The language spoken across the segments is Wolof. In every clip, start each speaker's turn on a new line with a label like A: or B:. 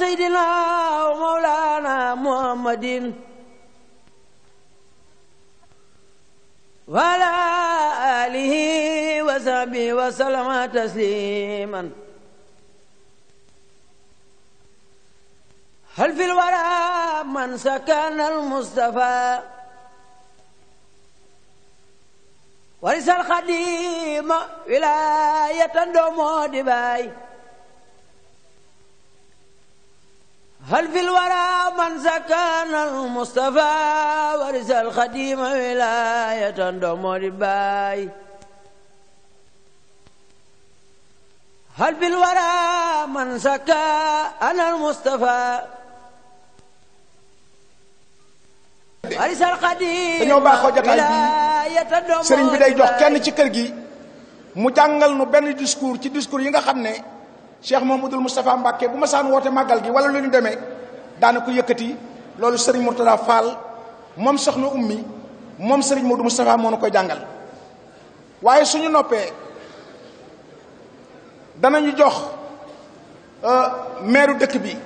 A: سيدنا ومولانا محمد وعلى آله وصحبه وسلم تسليما هل في الورى من سكن المصطفى
B: ورث الخديم ولاية دومو دبي
A: هل في الورى من سكن المصطفى ورث الخديم ولاية
C: دمر
A: باي هل في الورى من سكن المصطفى
B: baaxoo jotaay bi day jox kenn ci kër gi mu jàngal nu benn discours ci discours yi nga xam ne cheikh Mouhamadoul Moustapha Mbacke bu ma saan woote màggal gi wala lu ñu demee daana ko yëkkati loolu Serigne Mourtada Fall moom soxna ummi moom Serigne Modou Moustapha moo nu koy jàngal waaye suñu noppee danañu jox euh, maire dëkk bi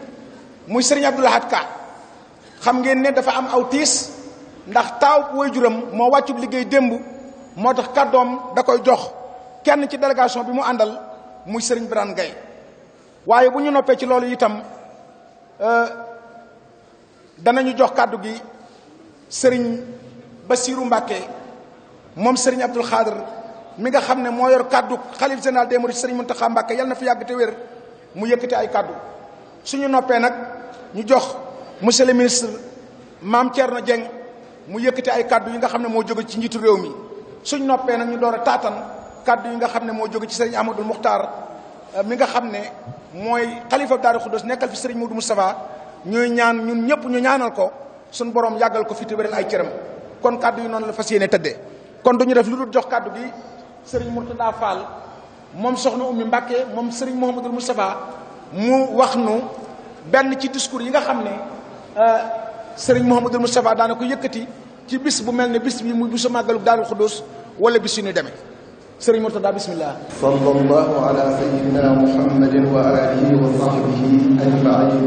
B: muy Serigne Abdou Lahad Ka xam ngeen ne dafa am aw tiis ndax taaw waajuram moo wàccub liggéey démb moo tax kàddoom da koy jox kenn ci délégation bi mu àndal muy Serigne Birane Gueye waaye bu ñu noppee ci loolu itam euh, danañu jox kàddu gi sëriñ Basiiru Mbàkke moom sëriñ Abdul Xaadir mi nga xam ne moo yor kàddu xalif général des mourides sëriñ Muntaxa Mbàkke yal na fi yàgg te wér mu yëkkati ay kàddu suñu noppee nag ñu jox monsieur le ministre maam na Dieng mu yëkkati ay kàddu yi nga xam ne moo jóge ci njiitu réew mi suñ noppee nag ñu door a taatan kàddu yi nga xam ne moo jóge ci sëriñ Amadou Muxtaar mi nga xam ne mooy xalifa Daaru Xuddoos nekkal fi sëriñ Modou Moustapha ñuy ñaan ñun ñëpp ñu ñaanal ko suñ borom yàggal ko fi te wéral ay cëram kon kàddu yi noonu la fas yéene tëddee kon duñu def lu dul jox kàddu gi sëriñ Mourtada Fall moom soxna Oumy Mbacké moom sëriñ Mouhamadou Moustapha mu wax nu benn ci discours yi nga xam ne euh, sëriñ Mouhamadou Moustapha daana ko yëkkati ci bis bu mel ne bis bi muy bisu màggalu Daaru Xuddoos wala bis yu ñu demee sëriñ Murtada bismillah
D: sallallahu ala sayyidina muhammadin wa alihi wa sahbihi ajmain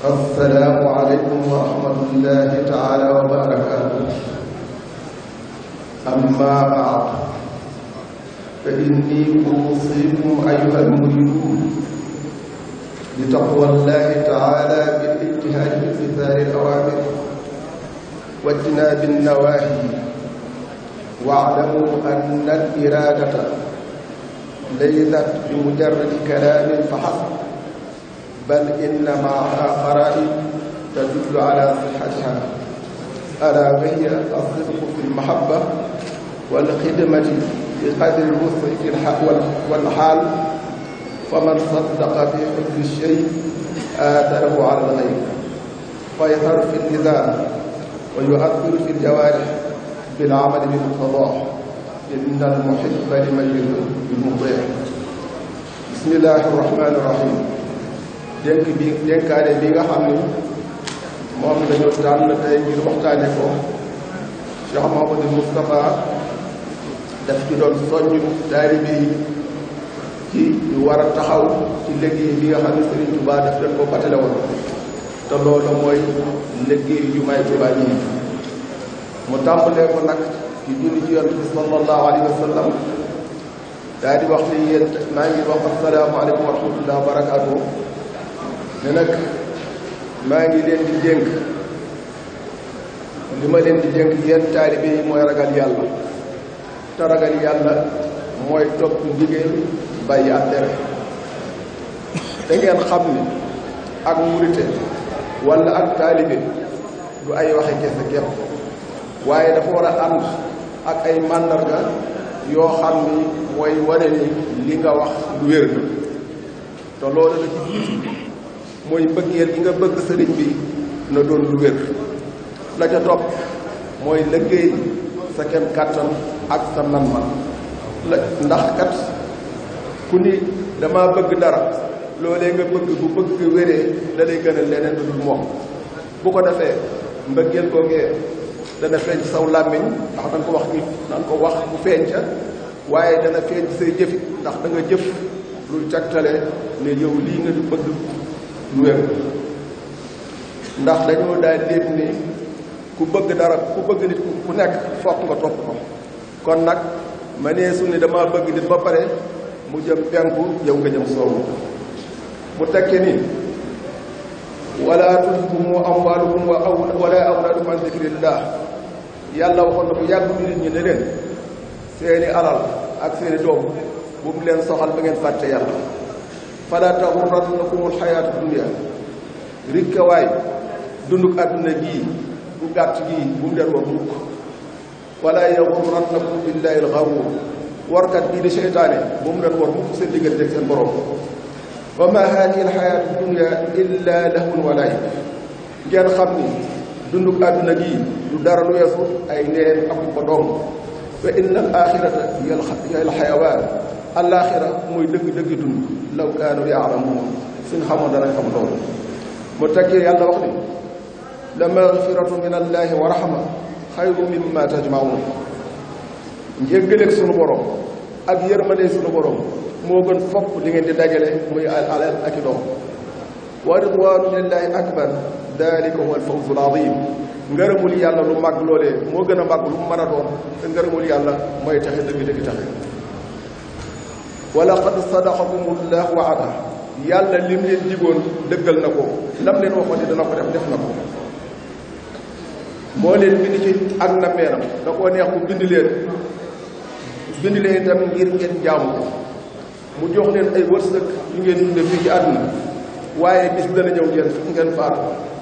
D: assalaamu aleykum wa rahmatullahi taala wa barakatuh amma baad fa inni usikum ayuha almuridun bitaqwa allahi taala bil ijtihaadi fi imtisaali al awaamir wa ijtinaabi nnawahi واعلموا أن الإرادة ليست بمجرد كلام فحسب بل إنما قرائن تدل على صحتها ألا وهي الصدق في المحبة والخدمة بقدر الوسع والحال فمن صدق في كل الشيء آثره على الغيب فيظهر في اللسان ويؤثر في الجوارح بالعمل بمقتضاه إن المحب لمن يطيع بسم الله الرحمن الرحيم dénk bi dénkaane bi nga xam ni moom dañoo tànn tey ngir waxtaane ko Cheikh Mouhamadou Moustapha daf ci doon soññ taalibe yi ci ñu war a taxaw ci liggéey bi nga xam ne Sëriñ Tuubaa daf leen ko batale woon te loolu mooy liggéey jumaay Tuubaa yi mu tàmbalee ko nag di julli ci yonent bi sallallahu alayhi wa sallam daal wax ni maa ngi wa rahmatullahi wa barakaatuhu ne nag maa ngi leen di dénk li ma leen di dénk yéen taalibe yi mooy ragal yàlla te ragal yàlla mooy topp ndigal bàyyi ak tere da ngeen xam ni ak murite wala ak taalibe du ay waxe kese képp waaye dafa war a ànd ak ay màndarga yoo xam ni mooy wane li nga wax lu wér na te loolu la mooy mbëggeel gi nga bëgg sëriñ bi na doon lu wér la ca topp mooy liggéey sa kem kàttan ak sa man-man la ndax kat ku ni dama bëgg dara loole nga bëgg bu bëgg wéree da lay gënal leneen lu dul moom bu ko defee mbëggeel googee dana feeñ saw làmmiñ ndax da ko wax nit da nga ko wax bu feeñ waaye dana feeñ ci say jëfit ndax da nga jëf lu cagtale ne yow lii nga bëgg lu wér ndax dañoo daal lépp ni ku bëgg dara ku bëgg nit ku nekk fokk nga topp ko kon nag ma nee su ne dama bëgg nit ba pare mu jëm penku jëw nga jëm soowu mu tekki ni wala tulkumu amwaalukum wa wala awlaadukum an zikrillah yàlla waxoon na bu yàgg jullit ñi ne leen seeni alal ak seeni doom bu mu leen soxal ba ngeen fàtte yàlla fala taxurrannakumul xayaatu dunya rikkawaay dunduk àdduna gii bu gàtt gi bu mu leen war mukk wala yaxurrannakum billahi alxaruur warkat bii seen diggante ak seen ngeen xam ni dunduk àdduna gii du dara lu weesu ay neen ak ko doom wa inna al axirata xayawaan alaaxira mooy dëgg-dëgg dund law kaanu yaalamuun suñ xamoon danañ xam loolu mu teggee yàlla wax ni la magfiratu min allaahi wa rahma xayru mimma tajmaun njëggaleeg sunu borom ak yërmande sunu borom moo gën fopp li ngeen di dajale muy alal ak i doom wa ridwaanu lillaahi akbar dalika huwa alfawzul azim ngërëmul yàlla lu mag loolee moo gën a mag lu mu te ngërëmul yàlla mooy taxe dëgg-dëgg taxe wa laqad sadaqakumu llahu wa'da yàlla lim leen digoon dëggal na ko lam leen waxoon ne dana ko def def na ko moo leen bind ci ak na meenam da koo neex ku bind leen bind leen itam ngir ngeen jaamu mu jox leen ay wërsëg yu ngeen dundee fii ci àdduna waaye bis dana ñëw ngeen ngeen faatu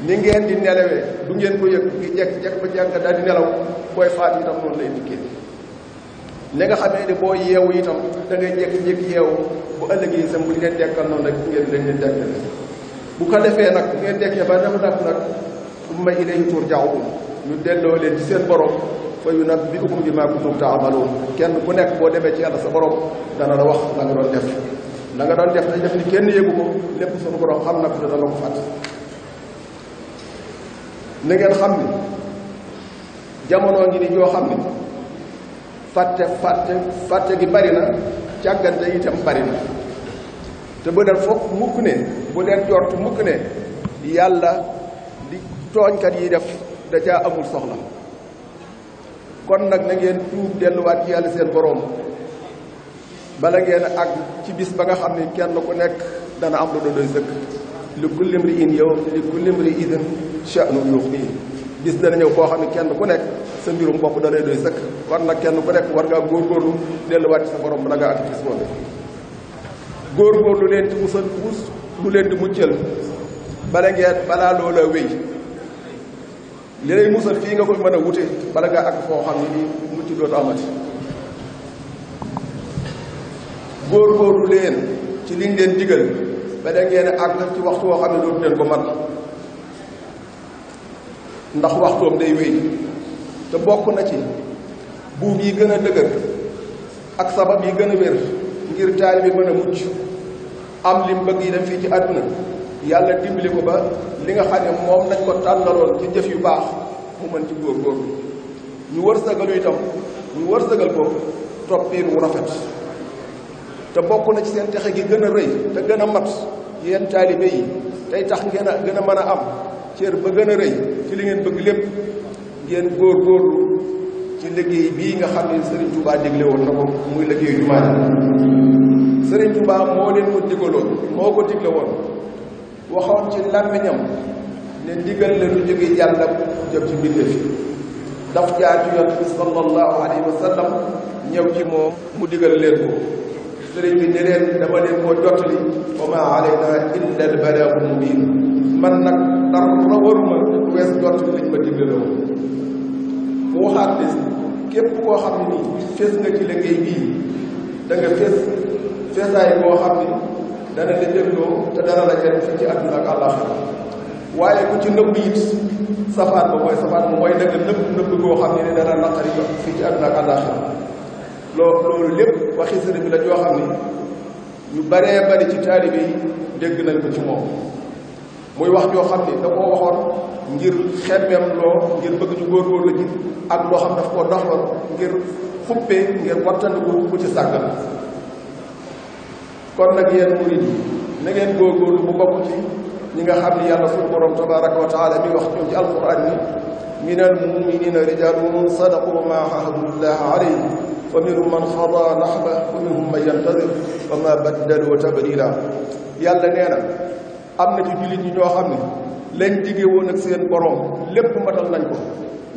D: ni ngeen di nelawee du ngeen ko yëg ngi jekk-jekk ba jàng daal di nelaw booy faat itam noonu lay dikkee ni nga xamee ne boo yeewu itam da jekk-jekk yeewu bu ëllëgee itam bu ñu leen dekkal noonu rek ngeen leen leen bu ko defee nag bu ngeen dekkee ba def nag nag umma ilayhi turja'un ñu delloo leen ci seen borom fa yunabbi'ukum bimaa kuntum ta'maluun kenn ku nekk boo demee ci yàlla sa borom dana la wax la nga doon def la nga doon def dañ def ni kenn yëgu ko lépp sunu borom xam na ko te dana ko fàtt na xam ni jamono ngi ni joo xam ni fàtte fàtte fàtte gi bari na càggante itam bari na te bu dee foog mukk ne bu leen jot mukk ne yàlla li tooñkat yi def da caa amul soxla kon nag na ngeen tuub delluwaat yàlla seen boroom bala ngeen àgg ci bis ba nga xam ne kenn ku nekk dana am lu dodoy sëkk li kulli mri'in yow li kulli mri'in sha'nu yuxni gis dana ñëw koo xam ne kenn ku nekk sa mbirum bopp da lay doy sëkk war nag kenn ku nekk war ngaa góorgóorlu delluwaat ci sa borom bala leen ci musal leen di muccal bala ngeen balaa loola fii nga koy mën a wute bala ngaa ak foo xam ne nii mucc dootu amati góorgóorlu leen ci liñ leen digal bala ngeen àgg ci waxtu woo xam ne dootu leen ko mat ndax waxtoom day wéy te bokk na ci buum yi gën a dëgër ak sabab yi gën a wér ngir taalibe mën a mucc am lim bëgg yi dem fii ci àdduna yàlla dimbali ko ba li nga xam ne moom lañ ko tànnaloon ci jëf yu baax mu mën ci góor góor ñu wërsëgalu itam ñu wërsëgal ko toppiin rafet te bokk na ci seen texe gi gën a rëy te gën a mat yenn taalibe yi tey tax ngeen a gën a mën a am cër ba gën rëy ci li ngeen bëgg lépp ngeen góorgóorlu ci liggéey bii nga xam ne Serigne Touba digle woon na ko muy liggéey jumaa ji Serigne Touba moo leen ko digaloon moo ko digle woon waxoon ci làmmiñam ne ndigal la lu jóge yàlla jëm ci mbindeef yi daf jaar yoon bi sallallahu alayhi wa ñëw ci moom mu digal leen ko sëriñ bi ne leen dama leen koo jottali wa maa alayna illa al balaagu mubiin man nag dara ma waruma wees jot liñ ma dimbaloo mu waxaat des képp koo xam ne nii fees nga ci liggéey bii da fees feesaay boo xam ne dana la loo loolu lépp waxi bi la joo xam ne ñu baree bari ci taalibe yi dégg nañ ko ci moom muy wax joo xam ni da koo waxoon ngir xemmeem loo ngir bëgg ñu góorgóorlu ji ak loo xam daf koo doxloon ngir xuppee ngir wattandiku ku ci sàggal kon nag yéen murid yi na ngeen góorgóorlu bu ñi nga xam ni yàlla suñu borom tabaraka wa taala mi wax ñoom ci ni min al muminina sadaqu ma ahadullah alayhi fa minhum man xada nahba fa minhum man yantadir wa ma baddalu tabdila yàlla nee na am na ci jullit ñi ñoo xam ne lañ digee woon ak seen borom lépp matal nañ ko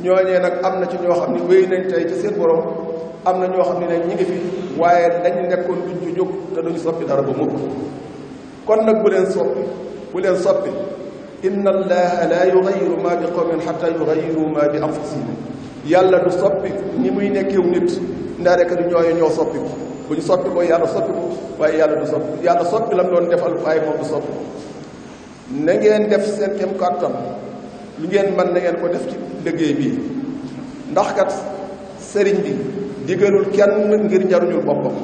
D: ñooñee nag am na ci ñoo xam ne wéy nañ tey ci seen borom am na ñoo xam ne nag ñi ngi fi waaye dañ nekkoon duñ ci jóg te duñ soppi dara ba mukk kon nag bu leen soppi bu leen soppi inna allaha la yugayiru ma bi qawmin xatta yugayiru ma bi anfusihim yàlla du soppi ni muy nekkew nit ndaa rek du ñooñu ñoo soppi ko bu ñu soppi ko yàlla soppi ko waaye yàlla du soppi yàlla soppi lam doon defal waaye moom du soppi ko na ngeen def seen kem kàttan lu ngeen man na ngeen ko def ci liggéey bi ndax kat sëriñ bi digalul kenn ngir njaruñul boppam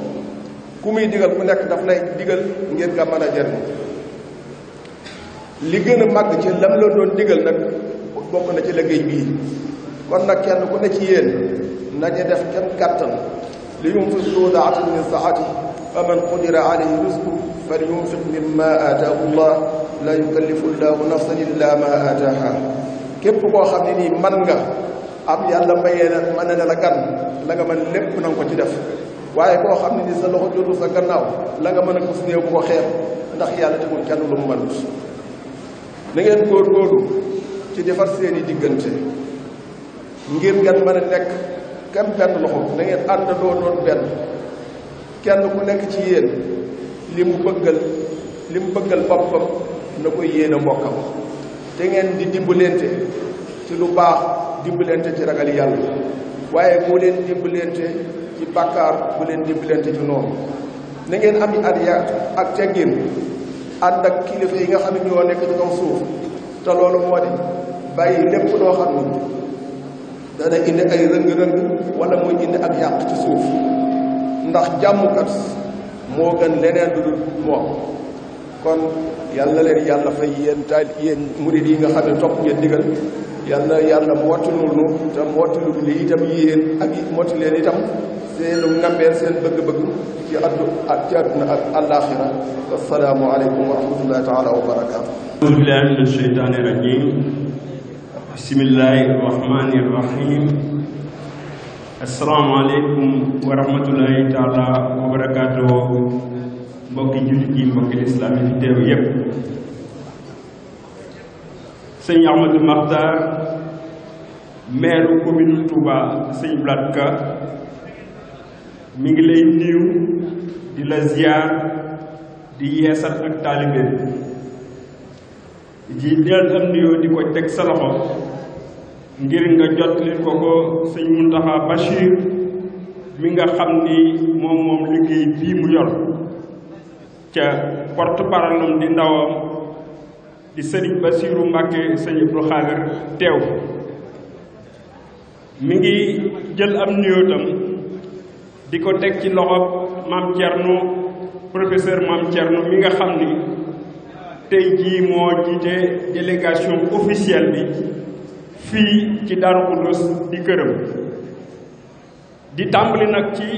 D: ku muy digal ku nekk daf lay digal ngir nga mën a li gën a màgg ci lam la doon digal nag bokk na ci liggéey bii kon nag kenn ku ne ci yéen nañu def kem kàttan li yum fi suudaati min saati فمن قدر عليه رزقه فلينفق مما آتاه الله لا يكلف الله نفسا إلا ما آتاها képp koo xam ne nii man nga am yàlla mayee na mën na la gan la nga mën lépp na ko ci def waaye koo xam ne nii sa loxo jotul sa gannaaw la nga mën a gis néew koo ko ndax yàlla tegul kenn lu mu mënut na ngeen góorgóorlu ci defar seeni diggante ngir ngeen mën a nekk kam benn loxo na ànd àndandoo doon benn kenn ku nekk ci yéen li mu bëggal li mu bëggal boppam na ko yéene mbokkam te ngeen di dimbalante ci lu baax dimbalante ci ragal yàlla waaye bu leen dimbalante ci bàkkaar bu leen dimbalante ci noonu na ngeen am at ya ak teggin ànd ak kilifa yi nga xam ne ñoo nekk ci kaw suuf te loolu moo di bàyyi lépp loo xam ne dana indi ay rëng-rëng wala muy indi ak yàq ci suuf ndax jàmmkat moo gën leneen lu dul moom kon yal leen yàlla fay yéen taal yéen murid yi nga xam ne topp ngeen digal yal na yàlla mottalul nu te mottalul li itam yéen ak motti leen itam seenu ngambeel seen bëgg-bëgg ci addu ak ci àdduna ak àllaaxira wassalaamu wa rahmatullahi taala wa barakaatu
C: billahi min asheytaani rajim bismillahi rahmaani asalaamaaleykum wa rahmatulahi taala wa mbokki jullit yi mbokki lislaam yi fi teew yépp sëñ Ahmadou Makhtar maire commune Touba sëñ Blaat Ka mi ngi lay nuyu di la ziar di yeesal ak taalibe bi di am nuyoo di ko teg sa loxo ngir nga jottali ko ko sëñ Muntaxa Bachir mi nga xam ni moom moom liggéey bii mu yor ca porte-parole am di ndawam di sëriñ Basiiru Mbàkke sëñ Abdou Xaadir teew mi ngi jël am nuyootam di ko teg ci loxo maam Thierno professeur maam Thierno mi nga xam ni tey jii moo jiite délégation officielle bi fii ci Daaru Xuddus di gërëm di tàmbali nag ci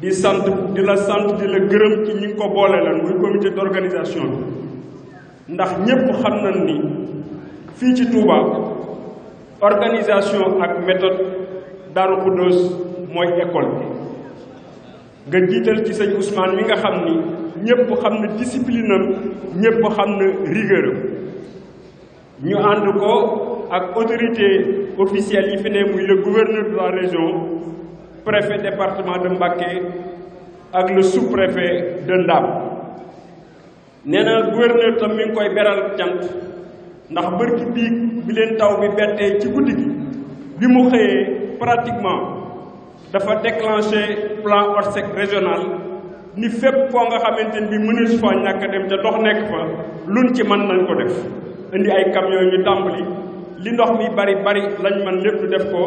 C: di sant di la sant di la gërëm ci ñi ko boole lan muy comité d'organisation bi ndax ñépp xam na ni fii ci Touba organisation ak méthode Daaru Xuddus mooy école bi nga jiital ci sëñ usmaan mi nga xam ni ñépp xam na discipline ñépp xam na rigueur am ñu ànd ko ak autorité officielle yi fi ne muy le gouverneur de la région préfet département de Mbacké ak le sous-préfet de Ndam nee na gouverneur mi koy beral cant ndax bërki biig bi leen taw bi bettee ci guddi gi bi mu xëyee pratiquement dafa déclenché plan orsec régional ni fépp koo nga xamante ni bi mënees fa ñàkk dem te dox nekk fa luñ ci mën nañ ko def indi ay camions ñu tàmbali li ndox mi bari bari lañ man lépp def ko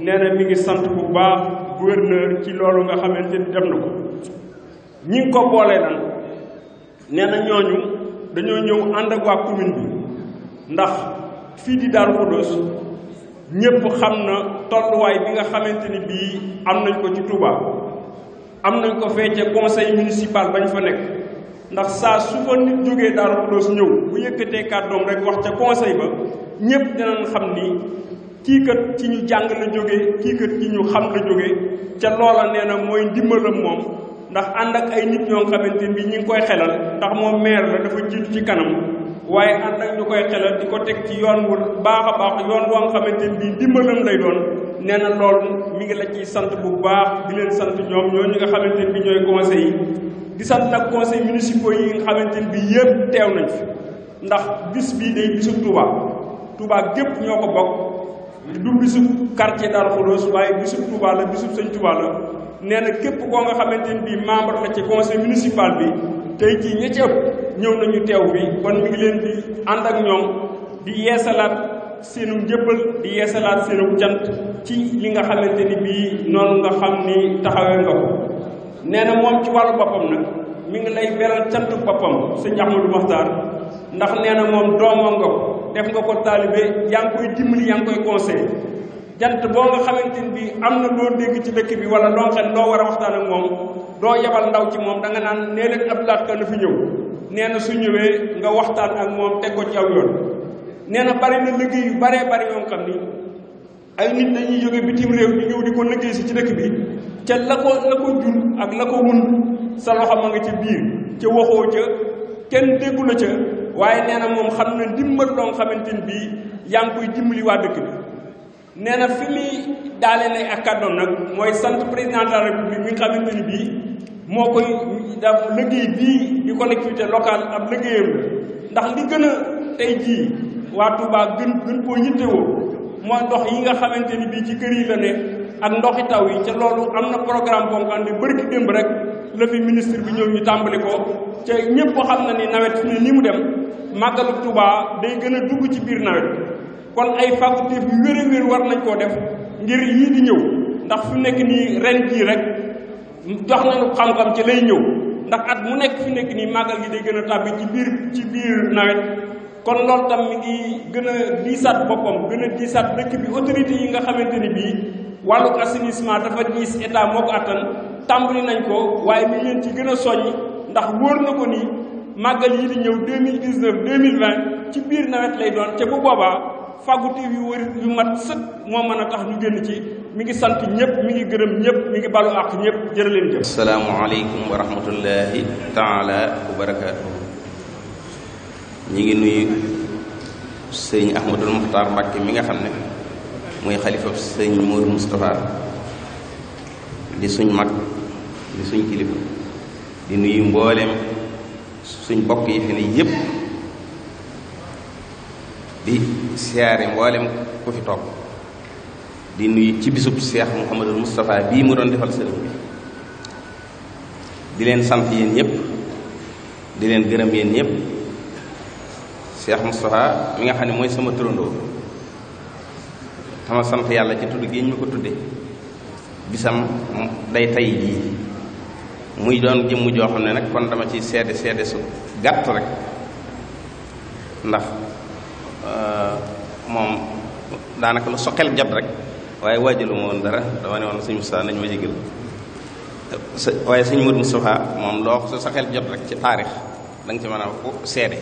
C: nee na mi ngi sant bu baax gouverneur ci loolu nga xamante ni def na ko ñi ngi ko boolee nag nee ñooñu dañoo ñëw ànd ak waa commune bi ndax fii di Daaru Xudoos ñépp xam na tolluwaay bi nga xamante ni bii am nañ ko ci Touba am nañ ko fee ca conseil municipal bañ fa nekk ndax saa su fa nit jógee Daaru Xudoos ñëw bu yëkkatee kàddoom rek wax ca conseil ba ñépp dinañ xam ni kii kat ci ñu jàng la jógee kii kat ci ñu xam la jógee ca loola nee na mooy ndimbalam moom ndax ànd ak ay nit ñoo xamante bi ñu ngi koy xelal ndax moom maire la dafa jiitu ci kanam waaye ànd ak ñu koy xelal di ko teg ci yoon wu baax baax yoon wa nga xamante ni bii ndimbalam lay doon nee na loolu mi ngi la ciy sant bu baax di leen sant ñoom ñooñu nga xamante ni bi ñooy conseil yi di sant nag conseil municipaux yi nga xamante ni bi yëpp teew nañ ndax bis bi day bisu Touba Touba gépp ñoo ko bokk du bisu quartier Darou Khoudoss waaye bisu Touba la bisu sëñ Touba la nee na képp koo nga xamante ni bii membre la ci conseil municipal bi tey jii ña ëpp ñëw nañu teew bi kon mi ngi leen di ànd ak ñoom di yeesalaat seenu njëbbal di yeesalaat seenu cant ci li nga xamante ni bii noonu nga xam ni taxawee nga ko nee na moom ci wàllu boppam nag mi ngi lay beral cantu boppam sëñ Ahmadou Makhtar ndax nee na moom doomam nga ko def nga ko taalibe yaa ngi koy dimbali yaa koy conseillé jant boo nga xamante ni bii am na loo dégg ci dëkk bi wala loo xam loo war a waxtaan ak moom doo yabal ndaw ci moom da naan nee leen ab laat na fi ñëw nee na su ñëwee nga waxtaan ak moom teg ko ci nee na bari na liggéey yu baree bari yoo xam ni ay nit dañuy jóge bitim réew di ñëw di ko liggéey si ci dëkk bi ca la ko la ko jur ak la ko mun sa loxo ma nga ca biir ca waxoo ca kenn déggu la ca waaye nee na moom xam na ndimbal loo xamante ni bii yaa ngi koy dimbali waa dëkk bi nee na fi muy ak kàddoom nag mooy sant président de la république mi nga xamante ni bii moo koy daf liggéey bii di collectivité locale ab liggéeyam ndax li gën a tey jii waa Touba gën gën koo yittewoo mooy ndox yi nga xamante ni bii ci kër yi la ne ak ndoxi taw yi ca loolu am na programme boo xam ne bërki démb rek la fi ministre bi ñëw ñu tàmbali ko ca ñëpp xam na ni nawet fi ne ni mu dem màggalu Touba day gën a dugg ci biir nawet kon ay facultés yu wér wér war nañ koo def ngir yii di ñëw ndax fu nekk nii ren jii rek jox nañu xam-xam ci lay ñëw ndax at mu nekk fi nekk nii màggal gi day gën a tàbbi ci biir ci biir nawet kon loolu tam mi ngi gën a diisaat boppam gën a diisaat dëkk bi autorité yi nga xamante ni bii wàllu assainissement dafa diis état moo ko attan tàmbali nañ ko waaye mu leen ci gën a soññ ndax wóor na ko ni màggal yi di ñëw 2019 2020 ci biir nawet lay doon ca bu boobaa fàgguteef yu wër yu mat sëkk moo mën a tax ñu génn ci mi ngi sant ñëpp mi ngi gërëm ñëpp mi ngi balu àq ñëpp jërë leen jëf
E: asalaamaaleykum wa rahmatullahi taala wa barakaatu ñi ngi nuyu sëñ ahmadul muxtaar mbàkke mi nga xam ne mooy xalifa sëñ moodu moustapha di suñ mag di suñ kilifa di nuyu mbooleem suñ bokk yi fi ne yëpp di siyaare mboolem ku fi toog di nuyu ci bisub Seex Muhammadul Moustapha bii mu doon defal sëriñ bi di leen sant yéen ñëpp di leen gërëm yéen ñëpp Seex Moustapha mi nga xam ne mooy sama turandoo dama sant yàlla ci tudd gi ñu ko tudde bisam day tay jii muy doon jëmm joo xam ne nag kon dama ci seede seede su gàtt rek ndax Euh, moom daanaka lu soqel jot rek waaye waajalu ma woon dara dama ne woon sëñ Moustapha nañu ma jégal waaye sëñ Mourou Moustapha moom loo su soqel jot rek ci taarix da nga ci mën a ku seede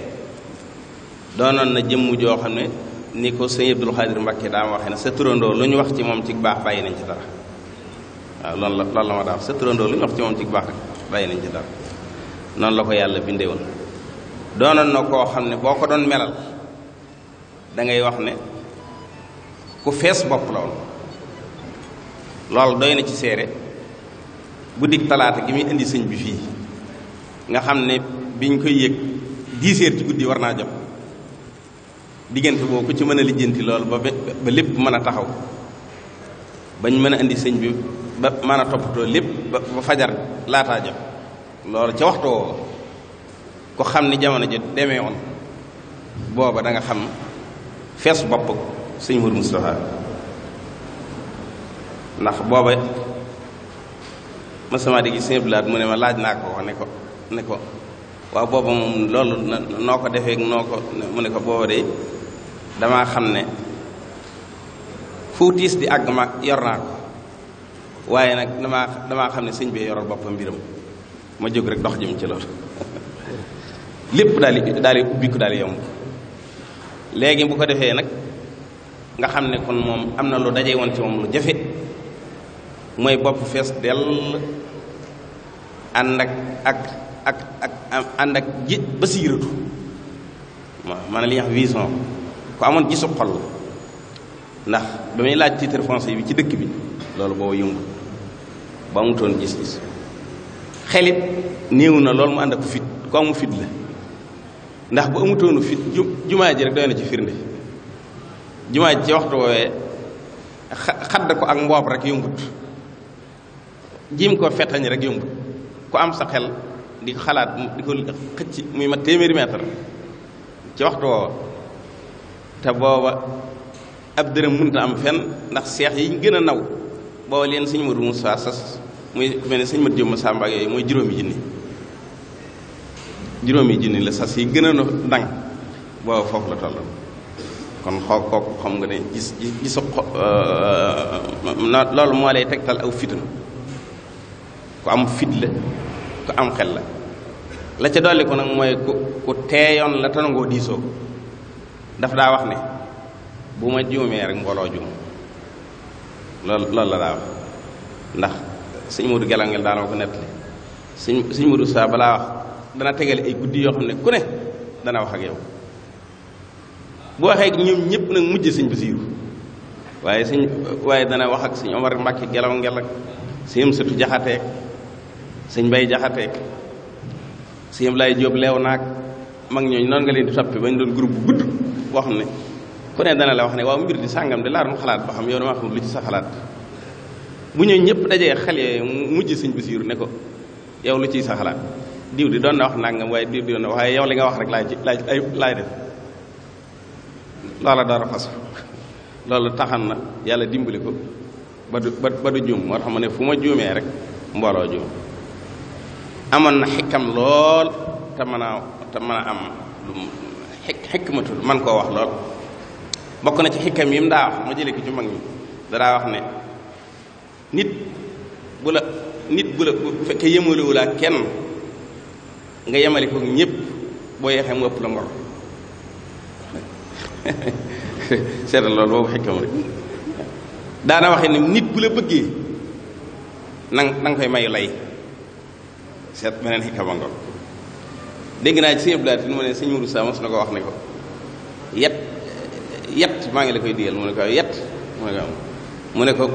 E: doonoon na jëmm joo xam ne ni ko sëñ Abdul Xaadir Mbàkke daa ma waxee ne sa turandoo lu wax ci moom ci baax bàyyi nañ ci dara waaw loolu la loolu la ma daa wax lu ñu wax ci baax rek bàyyi nañ ci dara noonu la ko yàlla bindee woon doonoon na koo xam ne boo ko doon melal da ngay wax ne ku fees bopp la woon loolu doy na ci seere guddik talaata gi muy indi sëñ bi fii nga xam ne biñ koy yëg dix heures ci guddi war naa jot diggante boobu ku ci mën a lijjanti loolu ba ba lépp mën a taxaw bañ mën a indi sëñ bi ba mën a toppatoo lépp ba fajar laata jot lool ca waxtoo woowu ko xam ni jamono ja deme woon booba danga xam fees bopp sëñ Mourou Moustapha ndax booba ma sama di mu ne ma laaj naa ko ne ko ne ko waaw booba moom loolu noo ko defee noo ko mu ne ko booba de damaa xam ne fu tiis di àgg ma yor naa ko waaye nag dama damaa xam ne sëñ bee yoral boppam mbiram ma jóg rek dox jëm ci loolu lépp daal di daal di ubbi ko daal di yomb léegi bu ko defee nag nga xam ne kon moom am na lu daje woon ci moom lu jafe mooy bopp fees dell ànd ak ak ak ak ànd ak ji basiiratu waaw maanaam li ñuy wax ku amoon gisu xol ndax ba muy laaj titre français bi ci dëkk bi loolu boo yëngu ba amutoon gis-gis xelit néew na loolu mu ànd ak fit ku amu fit la ndax bu amutoonu fit jumaa ji rek doy na ci firnde jumaa ji ci waxtu woowee xadd ko ak mboob rek yombut jiim ko fetañ rek yombut ku am sa xel di xalaat di ko xëcc muy mat téeméeri mètre ci waxtu woowa te booba ab dërëm mënta am fen ndax seex yi gën a naw booba leen sëñ Modou Moussa sas muy ku mel ne sëñ Modou Diop Samba ak yooyu mooy juróomi juróomi junni la sas yi gën na ndang booba foofu la tolloon kon xoo kooku xam nga ne gis gisu euh, loolu moo lay tegtal aw fitam ku am fit la ku am xel la la ca dolli ko nag mooy ku ku teeyoon la tanangoo diisoo daf daa wax ne bu ma juumee rek mbooloo juum loolu loolu la daa wax ndax sëñ Modou Gelangel daana ko nettali sëñ sëñ Modou sa balaa wax dana tegale ay guddi yoo xam ne ku ne dana wax ak yow bu waxee ak ñoom ñëpp nag mujj sëñ Basiiru waaye sëñ waaye dana wax ak sëñ Omar Mbàkke gelaw ngel ak sëñ Sëtu Jaxateek sëñ Mbay Jaxateek sëñ Laay Jóob leew naag mag ñooñu noonu leen di toppe bañ doon groupe gudd boo xam ne ku ne la wax ne waaw mbir di sàngam de laa doon xalaat ba xam yow dama xam lu ci sa xalaat bu ñëw ñëpp dajee xel yooyu mujj sëñ Basiiru ne ko yow lu ciy sa xalaat diw di doon na wax nangam waaye diw di doon na waaye yow li nga wax rek laay laay laay def loola dara fas loolu taxan na yàlla dimbali ko ba du ba du juum moo tax ma ne fu ma juumee rek mbooloo juum amoon na xikkam lool te mën a te mën a am lu man koo wax lool bokk na ci xikkam yi mu daa wax ma jëlee ko ci mag ñi dadaa wax ne nit bu la nit bu la bu fekkee yëmalewul ak kenn nga yemale ko ñëpp boo yeexee mu ëpp la ngor seetal loolu boobu xekkam rek daana waxe nit bu la bëggee na nanga koy mayu lay seet beneen xekkam a ngor dégg naa ci sëñ mu ne sëñ Mourou Sa mos na ko wax ne ko yet yet maa ngi la koy digal mu ne ko yet mu ne ko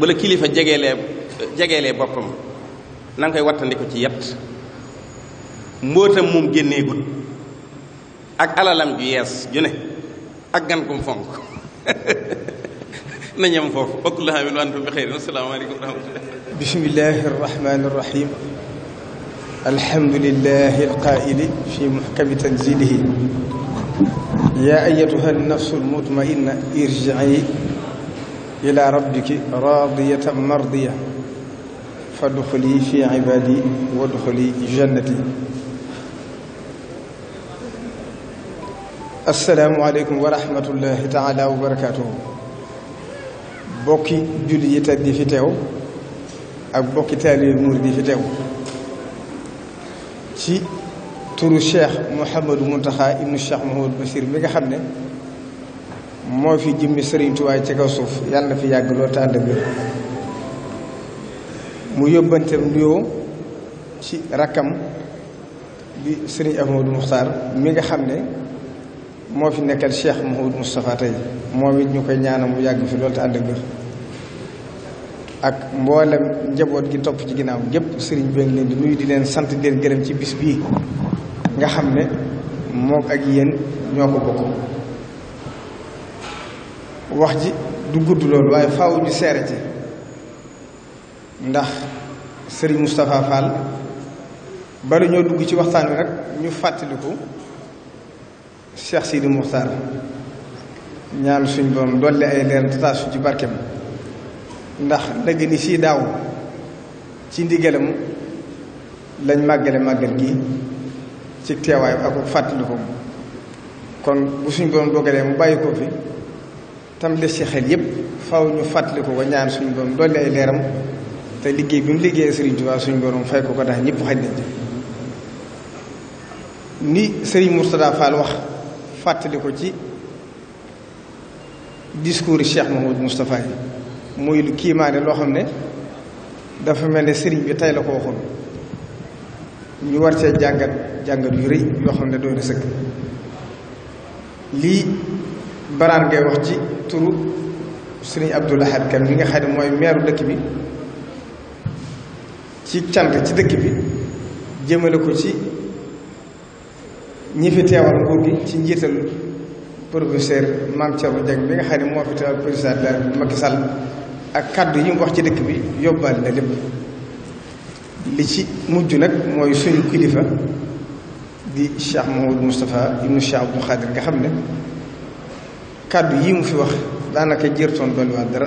E: bala kilifa jegeelee jegeelee boppam na nga koy wattandiku ci yet mbóotam moom génnee gut ak alalam ju yees ju ne ak gan kum fonk nañam foofu okulaha min wa antum bi xeyrin asalaamaaleykum wa rahmatullah
A: bismillahi arrahmani irrahim alhamdulilahi alqaili fi muhkami tanzilihi ya ayatuha alnafsu almutmainna irjii ila rabbiki radiyatan mardiya fadxuli fi ibadi wadxuli jannati asalaamualeykum wa rahmatullahi taala wa barakaatuhu bokki julli yi teg di fi teew ak bokki taalibe muur di fi teew ci turu cheikh mouhamadou mountaxa ibnu cheikh mahamadou basir mi nga xam ne moo fi jëmmi sëriñ Tuubaa ci kaw suuf yàlla na fi yàgg loolu te ànd mu yóbbanteem nuyoo ci rakkam bi sëriñ ahmadou muxtaar mi nga xam ne moo fi nekkal Cheikh Mouhamadou Moustapha tey moom it ñu koy ñaanal mu yàgg fi loolu te ànd ak ak mboolem njaboot gi topp ci ginnaaw gépp sëriñ bi leen di nuyu di leen sant di gërëm ci bis bii nga xam ne moom ak yéen ñoo ko bokk wax ji du gudd loolu waaye faaw ñu seere ci ndax sëriñ Moustapha Fall bala ñoo dugg ci waxtaan wi rek ñu fàttaliku Cheikh Sidi Muxtaar ñaan suñ borom dolli ay leer te taasu ndax dëgg ni daaw ci ndigalam lañ màggale màggal gi ci teewaay ak fàttalikom kon bu suñ borom mu bàyyi ko tam des ci xel yépp faw ñu fàttaliku ñaan suñu borom dolli ay leeram te liggéey bi mu liggéey sëriñ Touba suñu borom fay ko ko ndax ñëpp xaj nañ ni Serigne Mourtada Fall wax fàttali ko ci discours Cheikh Mouhamadou Moustapha yi muy lu kiimaane loo xam ne dafa mel ne sëriñ bi tey la ko waxoon ñu war cee jàngat jàngat yu rëy yoo xam ne doy sëkk lii baraan ngay wax ci turu sëriñ Abdou Lahad Ka mi nga mooy meeru dëkk bi ci cant ci dëkk bi jëmale ko ci ñi fi teewal nguur gi ci njiital professeur Mame Thierno Dieng mi nga xam ne moo fi teewal président de la République Macky Sall ak kàddu yi mu wax ci dëkk bi yóbbaale na lépp ci mujj nag mooy suñu kilifa di Cheikh Mahamadou Moustapha ibnu nga xam ne kàddu yi mu fi wax daanaka jërtoon doon waa dara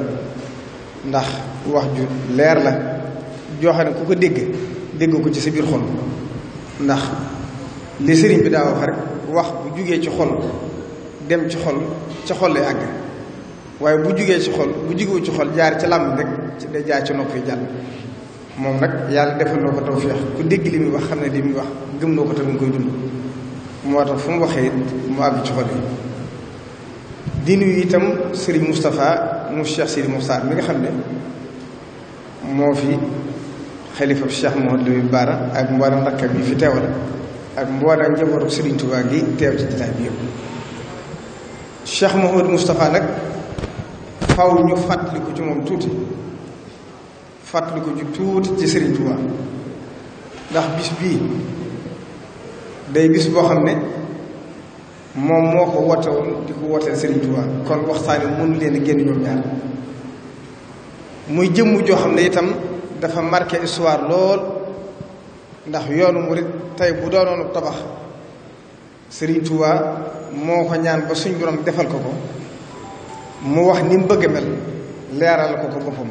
A: ndax wax ju leer la joo xam ne ku ko dégg dégg ko ci si biir xol ndax li sëriñ bi daa wax rek wax bu jugee ci xol dem ci xol ci xol lay àgg waaye bu jugee ci xol bu jugee ci xol jaar ci làmb rek ci day jaar ci nopp yi jàll moom nag yàlla defal na ko tawfeex ku dégg li muy wax xam ne li muy wax gëm na ko te mu koy dund moo tax fu mu waxee mu àgg ci xol yi di nuyu itam sëriñ Moustapha mu Cheikh Sidi Moustapha mi nga xam ne moo fi xalifa Cheikh Mouhamadou Lamine Bara ak mboolem rakk bi fi teewal ak mboolem njabootu Serigne Touba gi teew ci jotaay bi yëpp Cheikh Mouhamadou Moustapha nag faw ñu fàttaliku ci moom tuuti fàttaliku ci tuuti ci Serigne Touba ndax bis bii day bis boo xam ne moom moo ko woote woon di ko wooteel Serigne kon waxtaan yi mënu leen génn ñoom ñaar muy jëmm joo xam ne itam dafa marqué histoire lool. ndax yoonu murit tey bu doonoonu tabax Sëriñ Tuubaa moo ko ñaan ba suñ borom defal ko ko mu wax ni mu bëgg mel leeral ko ko boppam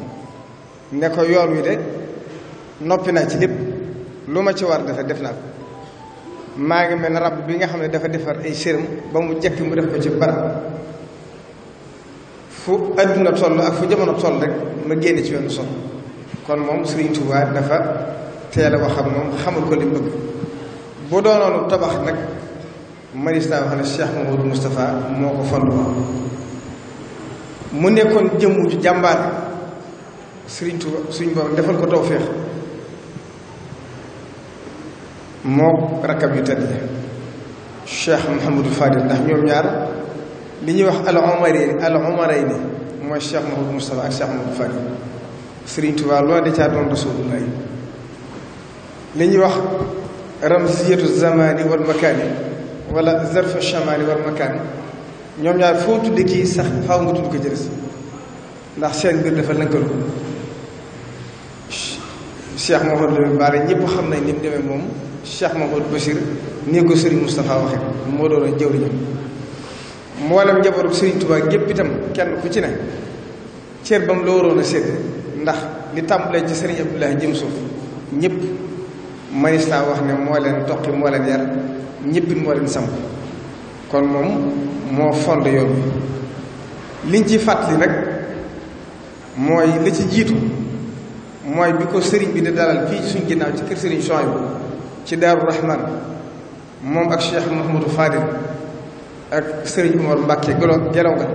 A: ne ko yoon wi de noppi naa ci lépp lu ma ci war dafa def naa ko maa ngi mel ne rab bi nga xam ne dafa defar ay séram ba mu jekk mu def ko ci barab fu adduna toll ak fu jamono toll rek ma génne ci yoonu sol kon moom Sëriñ dafa teel a wax ak moom xamul ko li mu bëgg bu doonoonu tabax nag maris naa wax ne Cheikh Mamadou Moustapha moo ko fandu mu nekkoon jëmm ju jàmbaar Sëriñ Tuuba suñ borom defal ko tawféex moo rakkab yu tedd Cheikh Mouhamadou Fadil ndax ñoom ñaar li ñuy wax al omari al omaray ni mooy Cheikh Mamadou Moustapha ak Cheikh Mamadou Fadil Sëriñ Tuuba loo de caa doon rasulullahi li ñuy wax ramziyatu zamani wal makaani wala zarfu chamani war makaani ñoom ñaar foo tudde kii sax xaw nga tudd ko jëlis ndax seen mbir dafa lënkalu Cheikh Mouhamadou Lamine Bara ñëpp xam nañ ni mu demee moom Cheikh Mouhamadou Bachir ko Serigne Moustapha waxee moo doon jëwriñam mboolem njabootu Serigne Touba gépp itam kenn ku ci ne cër ba mu la waroon a sédd ndax li tàmbalee ci Serigne Abdoulaye jëm suuf ñëpp manis wax ne moo leen toqi moo leen yar ñëppit moo leen samp kon moom moo fond yoon
F: bi
A: liñ ci fàttali nag mooy li ci jiitu mooy bi ko sëriñ bi di dalal fii suñ ginnaaw ci kër sëriñ Chouaïb ci Daaru Rahman moom ak Cheikh Mouhamadou Fadil ak sëriñ Umar Mbàkke golo gelaw ga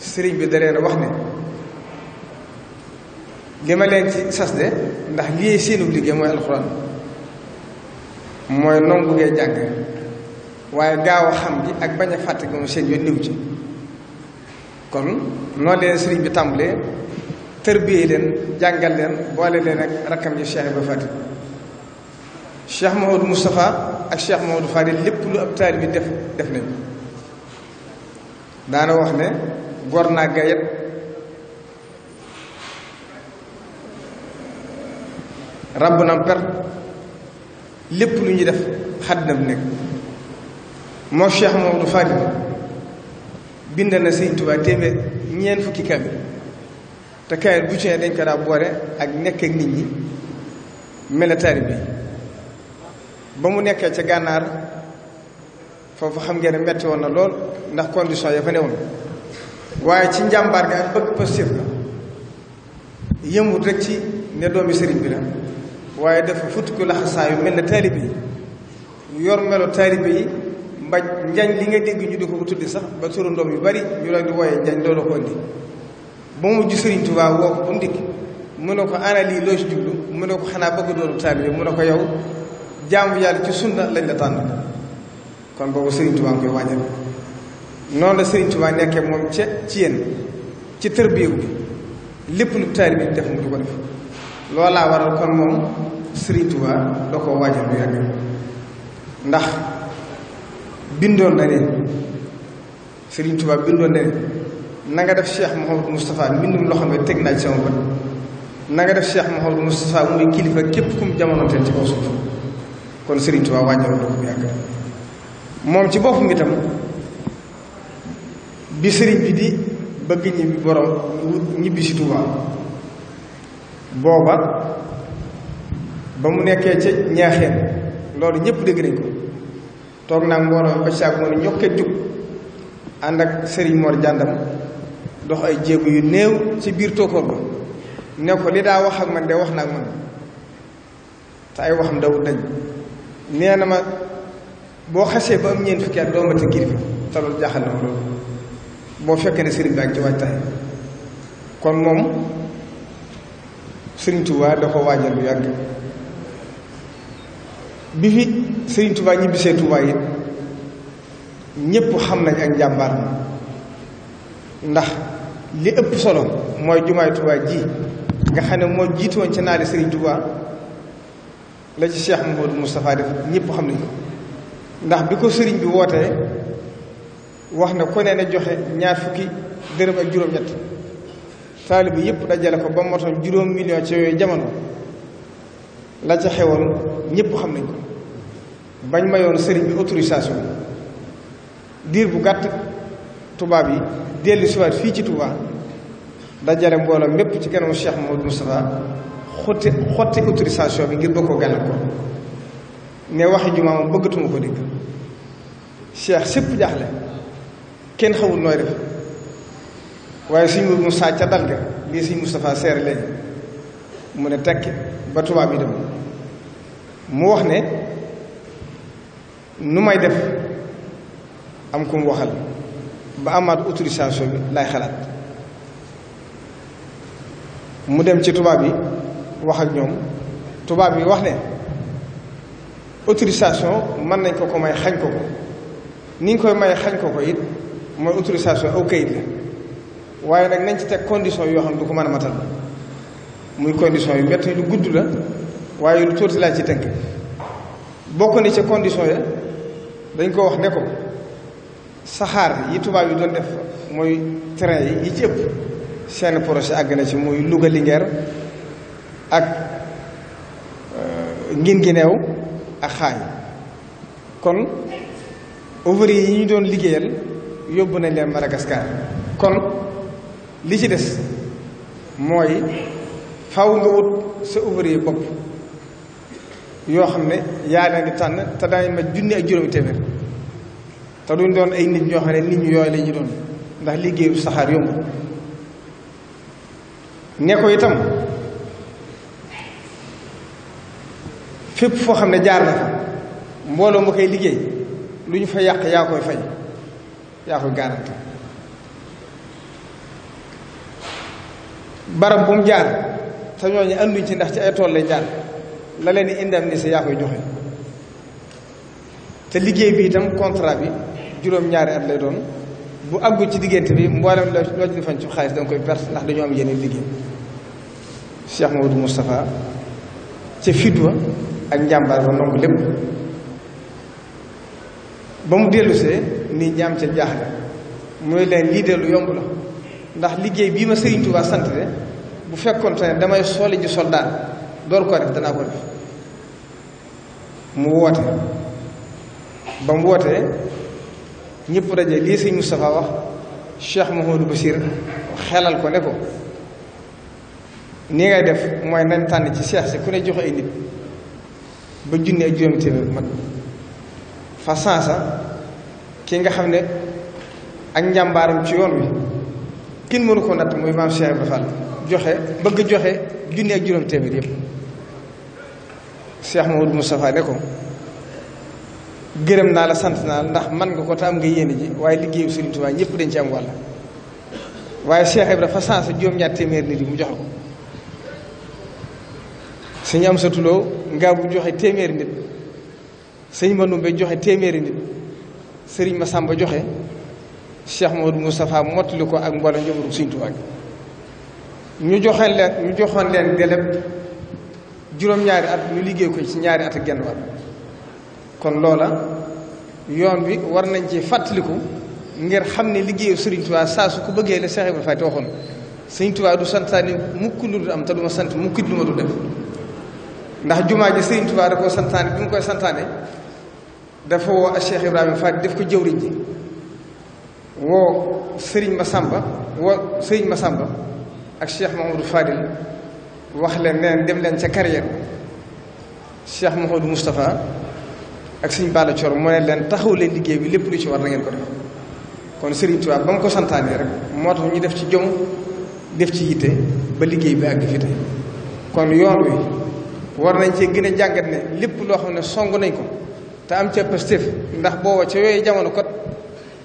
A: sëriñ bi da wax ne li ma leen ci sas de ndax lii seenu liggéey mooy alxuraan mooy noonu buggee jàng waaye gaaw a xam ji ak bañ a fàtte moom seen yoon niw ci kon noonu leen sëriñ bi tàmbalee tërbiyee leen jàngal leen boole leen ak rakkam ji Cheikh Ibrahima Fati Cheikh Mahodou Moustapha ak Cheikh Mahodou Fadi lépp lu ab taali bi def def nañ daana wax ne gor naa gayet rabb nam per lépp lu ñuy def xaddina bi nekk moo Cheikh Maodo Farid bind na Sëñ Tuubaa téeméer ñeent fukki kaamil te kaamil bu ci ne dañ ko daa boore ak nekk ak nit ñi meletaari bi ba mu nekkee ca gànnaar foofu xam ngeen ne metti woon na lool ndax condition ya fa ne woon waaye ci njàmbaar ga ak bëgg positif la yëmut rek ci ne doomi sëriñ bi la waaye def dafa futtiku laxasaayu mel na taalibe yi yor melo taalibe yi mbaj njañ li nga dégg ñu di ko tuddi sax ba turu ndoom yu bari ñu la di wooyee njañ loolu ko indi ba mu ji Sëriñ Tuubaa woo ko ba mu ne ko xanaa bëgg doonu taalibe mu ne ko yow jaamu yàlla ci sunna lañ la kon boobu Sëriñ Tuubaa koy waajal noonu la Sëriñ Tuubaa nekkee ca ci yéen ci tërbiyewu bi lépp lu kon moom Sëriñ Tuubaa da koo waajal bu yàgg ndax bindoon na ne Sëriñ Tuubaa bindoon na ne def Cheikh Mouhamadou Moustapha mbindum loo xam ne teg naa ci na nga def Cheikh Mouhamadou Moustapha kilifa képp kum jamonoonteel ci kaw suuf kon Sëriñ Tuubaa waajal na ko bu yàgg moom ci boppam itam bi sëriñ bi di bëgg ñibbi borom ñibbi si Tuubaa booba ba mu nekkee ca ñaaxeen loolu ñëpp dégg nañ ko toog naa mbooloo ba caag mu ne ñokkee jug ànd ak Serigne Mor jàndam dox ay jéego yu néew ci biir tookoor ko li daa wax ak wax naa ak man te ay waxam dawul dañ nee boo xasee ba am ñeent fukki at doo fekkee ne Serigne baa ngi kon moom Serigne Touba da ko waajal lu yàgg. bi fi sëriñ Touba ñibbisee Touba it ñépp xam nañ ak njàmbaar ndax li ëpp solo mooy jumaay Touba ji nga xam ne moo jiitoon ci naari sëriñ Touba la ci Cheikh Mouhamadou Moustapha def ñëpp xam nañ ko ndax bi ko sëriñ bi wootee wax na ko ne na joxe ñaar fukki dërëm ak juróom-ñett taalibe yëpp dajale ko ba motoon juróom million ci yooyu jamono la ca xewoon ñëpp xam nañ bañ mayoon sëriñ bi autorisation diir bu gàtt tubaab yi dellu siwaat fii ci Touba dajale mboolam mépp ci kanamu Cheikh Mouhamadou Moustapha xotti xotti autorisation bi ngir bëgg ko gànnal ko ne waxi jumaa bëggatuma ko dégg Cheikh sépp jaaxle kenn xawul nooy def waaye suñ mu Moussa ca dal ga lii suñ Moustapha seere léegi mu ne tekki ba tubaab yi dem mu wax ne nu may def am ku waxal ba amaat autorisation bi lay xalaat mu dem ci tubaab yi wax ak ñoom tubaab yi wax ne autorisation mën nañ ko ko may xañ ko ko ni ñu koy may xañ ko ko it mooy autorisation aw kayit la waaye nag nañ ci teg condition yoo xam ne du ko mën a matal muy condition yu metti lu gudd la waaye lu tuuti laa ci tënk bokk ni ca condition ya dañ ko wax ne ko saxaar yi tubaab yi doon def mooy train yi yi ci ëpp seen projet àgg na ci muy Louga Linguère ak euh, neew ak Xaay kon ouvrier yi ñu doon liggéeyal yóbbu nañ leen Madagascar kon li ci des mooy faw nga wut sa ouvrier bopp yoo xam ne yaa na ngi tànn te daañu ma junne ak juróomi téeméer te duñ doon ay nit ñoo xam ne nit ñu yooyu la ñu doon ndax liggéeyu saxaar yomb ne ko itam fépp foo xam ne jaar na fa mbooloo mu koy liggéey lu ñu fa yàq yaa koy fay yaa koy garanti barab bu mu jaar te ñu anduñ ci ndax ci ay tool lay jaar la leen di indemniser yaa koy joxe te liggéey bi itam contrat bi juróom-ñaari at lay doon bu àggul ci diggante bi mboolem loo ci defañ ci xaalis danga koy perte ndax dañoo am yeneen liggéey Cheikh Maodo Moustapha ca fitwa ak njàmbaar ba nangu lépp ba mu dellusee nii ñaam ca jaaxle mu ne leen lii dellu yomb la ndax liggéey bii ma Sëriñ Tuubaa sant de bu fekkoon te ne damay soole ji soldaar door ko def danaa ko def mu woote ba mu wootee ñëpp daje lii sëñ Moustapha wax Cheikh Mouhamadou Bachir xelal ko ne ko ni ngay def mooy nañ tànn ci seex si ku ne joxe ay nit ba junne ak juróomi téeméer mag fa sansa ki nga xam ne ak njàmbaaram ci yoon wi kenn mënu ko natt muy maam Cheikh Ibrahima Fall joxe bëgg joxe junne ak juróomi téeméer yëpp Cheikh Mamadou Moustapha ne ko gërëm naa la sant naa la ndax man nga ko te am nga yéene ji waaye liggéeyu Sëriñ Tuubaa ñëpp dañ ci am wàll waaye Cheikh Ibra fa sensé juróom mu joxe ko am sa tuloo bu joxe téeméeri nit sëñ Manoumbe joxe téeméeri nit sëriñ Massamba joxe Cheikh Mamadou Moustapha mottali ko ak mboolem njëmbaru Sëriñ Tuubaa ñu joxe leen ñu juróom-ñaari at ñu liggéey ko ci ñaari at ak genn wàll kon loola yoon wi war nañ ci fàttaliku ngir xam ne liggéey Sëriñ Tuubaa saa su ko bëggee la Cheikh Ibrahima Faty waxoon Sëriñ Tuubaa du santaane mukk am te sant mukk lu def ndax jumaa ji Sëriñ koy santaane dafa woo ak Cheikh Ibrahima def ko jëwriñ ji woo Sëriñ ma woo Sëriñ Masamba ak Cheikh Mamadou Fadil wax leen neen dem leen ca carrière Cheikh Mouhamadou mustafa ak sëñ Balla Thior moo ne leen taxaw leen liggéey bi lépp lu ci war na ngeen ko def kon Serigne ba mu ko santaanee rek moo tax ñu def ci jom def ci yitte ba liggéey bi àgg fi tey kon yoon wi war nañ cee gën a jàngat ne lépp loo xam ne song nañ ko te am ca Pastef ndax booba ca yooyu jamono kot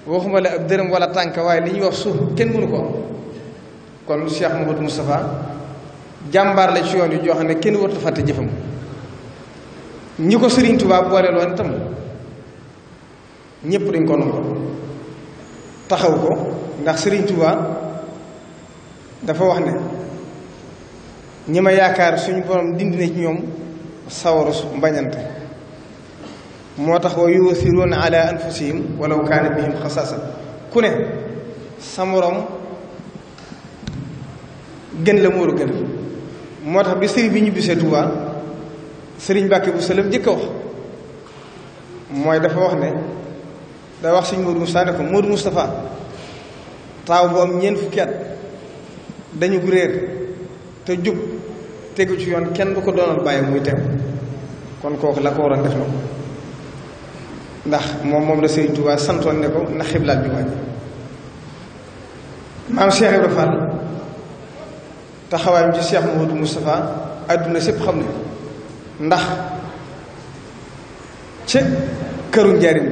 A: waxuma la ab dërëm wala tànk waaye li ñuy wax suuf kenn mënu ko am kon Cheikh Mouhamadou mustafa jàmbaar la ci yoon yu joo xam ne kenn wartu fàtte jëfam ñi ko sëriñ Tuubaa booleel woon itam ñépp dañ ko nangu taxaw ko ndax sëriñ Tuubaa dafa wax ne ñi ma yaakaar suñu borom dindi na ci ñoom sawaru mbañante moo tax wa yuuthiruuna ala anfusihim walaw kaana bihim xasaasa ku ne sa morom gën la mooru gën moo tax bi sëriñ bi ñibbisee Tuubaa sëriñ Mbàkke bu sëlam jëkk wax mooy dafa wax ne day wax suñ Modou Moustapha ne ko Modou Moustapha taaw bu am ñeent fukki at dañu ko réer te jub tegu ci yoon kenn du ko doonal bàyyi muy tegu kon kooku la ko waroon def na ko ndax moom moom la sëriñ Tuubaa santoon ne ko ndax xiblaat bi wàññi maam Cheikh Ibrahima Fall taxawaayam ci Cheikh Mouhamadou Moustapha àdduna sépp xam ne ndax ca këru njariñ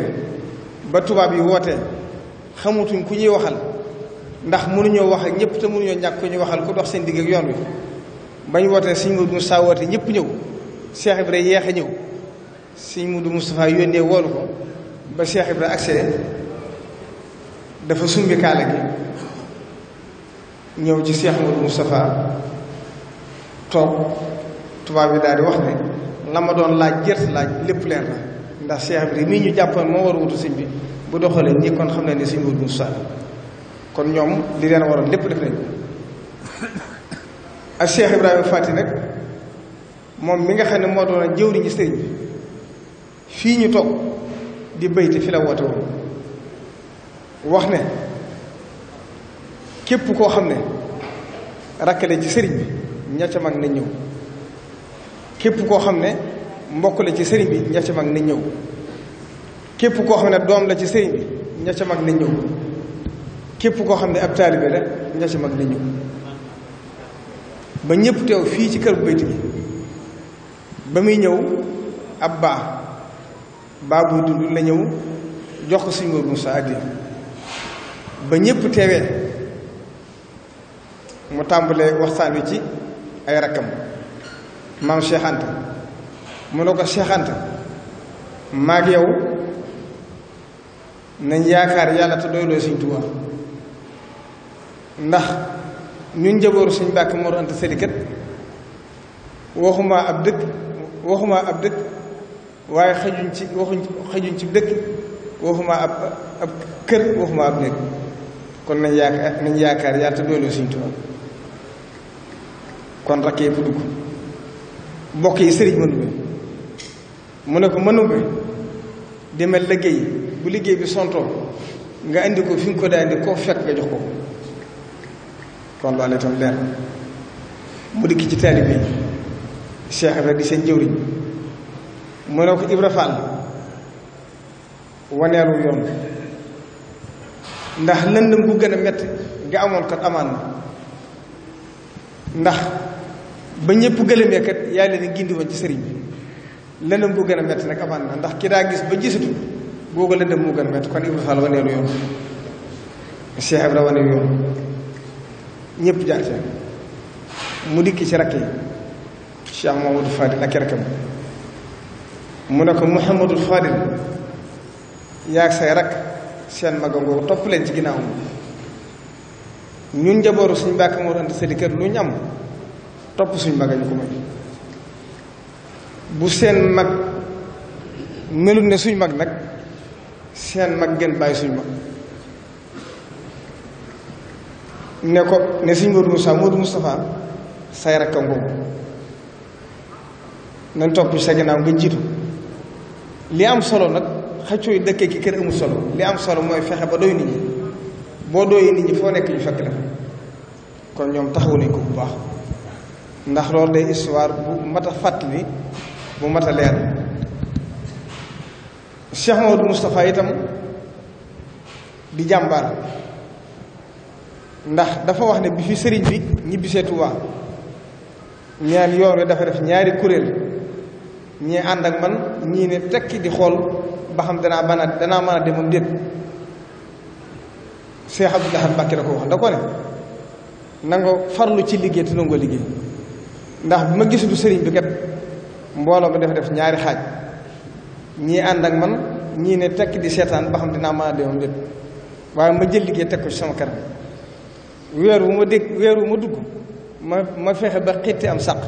A: ba tubaab yi wootee xamutuñ ku ñuy waxal ndax mënuñoo wax ak ñëpp te mënuñoo ñàkk ko ñu waxal ko dox seen digg ak yoon wi bañ wootee sëñ Modou Moustapha woote ñëpp ñëw Cheikh Ibra yeex a ñëw sëñ Modou Moustapha yónnee woolu ko ba Cheikh ak accédé dafa sumbi kaala gi ñëw ci Cheikh Modou Moustapha toog tubaab bi daal di wax ne la ma doon laaj jërt laaj lépp leen la ndax Cheikh bi mii ñu jàppoon moo war a wutu sëñ bi bu doxalee ñi kon xam ne ni sëñ Modou Moustapha kon ñoom li leen waroon lépp def nañ ak Cheikh Ibrahima Fati nag moom mi nga xam ne moo doon a jëwriñu sëñ bi fii ñu toog di béyti fi la woote wax ne képp koo xam ne rakkale ci sëriñ bi ña ca mag nañ ñëw képp koo xam ne mbokk la ci sëriñ bi ña ca mag ñëw képp koo xam ne doom la ci sëriñ bi ña ca mag nañ ñëw képp koo xam ne ab taalibe la ña ca mag nañ ba ñëpp teew fii ci kër bu bayti ba muy ñëw ab baa baa buy dund la ñëw jox ko suñu Mor Moussa addiya ba ñépp teewee mu tàmbalee waxtaan wi ci ay rakkam maam Cheikh Anta mu ne ko Cheikh Anta maag yow nañ yaakaar yàlla te doyloo Sëñ Tuubaa ndax ñun njabooru Sëñ Mbàkke Mor Anta Sali kat waxuma ab dëkk waaye xajuñ ci waxuñ xajuñ ci dëkk waxuma ab ab kër waxuma ab néeg kon nañ yaakaar nañ yaakaar yàlla te doyloo Sëñ Tuubaa kon rakk yëpp dugg mbokk yi sëriñ ma mu ne ko ma demal liggéey bu liggéey bi sontoo nga indi ko fi nga ko daa indi jox ko kon loolu mu dikk ci taalibe yi Cheikh Ibra di seen jëwriñ mu ne ko Ibra Fall waneeru yoon ndax lëndëm bu gën a metti nga amoon ko amaan na ndax ba ñëpp gëlëmee kat yaa leen gindi ci sëriñ bi lëndëm bu gën a métti nag amaan na ndax ki daa gis ba gisatu googu lëndëm mu gën a métti kon Ibra Fall waneelu yoon Cheikh Ibra waneelu yoon ñëpp jaar mu dikk ci rakk yi Cheikh Mamadou Fadil ak rakkam mu ne ko Mouhamadou Fadil yaa say rakk seen magangoo topp leen ci ginnaaw ñun njabooru suñu bàkk moo doon seen kër lu ñu topp suñ mag ñu ko may bu seen mag melut ne suñu mag nag seen mag ngeen bàyyi suñ mag ne ko ne suñ Modou Moussa Modou Moustapha say rakka ngoogu nañ topp sa ginnaaw nga jiitu li am solo nag xëccooy dëkkee ki kër amul solo li am solo mooy fexe ba doy nit ñi boo doyee nit ñi foo nekk ñu fekk la kon ñoom taxawu nañ ko bu baax ndax loolu day histoire bu mat a fàttali bu mat a leer Cheikh Maodo Moustapha itam di jàmbaar ndax dafa wax ne bi fi sëriñ bi ñibbisee Tuubaa ñaan yoon wi dafa def ñaari kuréel ñii ànd ak man ñii ne tekki di xool ba xam danaa mën danaa mën a demam déet Cheikh Abdou Lahad Mbacké da ko wax da ko ne na nga farlu ci liggéey te nangoo liggéey ndax bi ma gisulu sëriñ bi kat mbooloo ma def def ñaari xaaj ñii ànd ak man ñii ne tekk di seetaan ba xam dinaa mën a demoon lépp waaye ma jël liggéey teg ko ci sama kanam weer wu ma dégg ma dugg ma ma fexe ba am sàq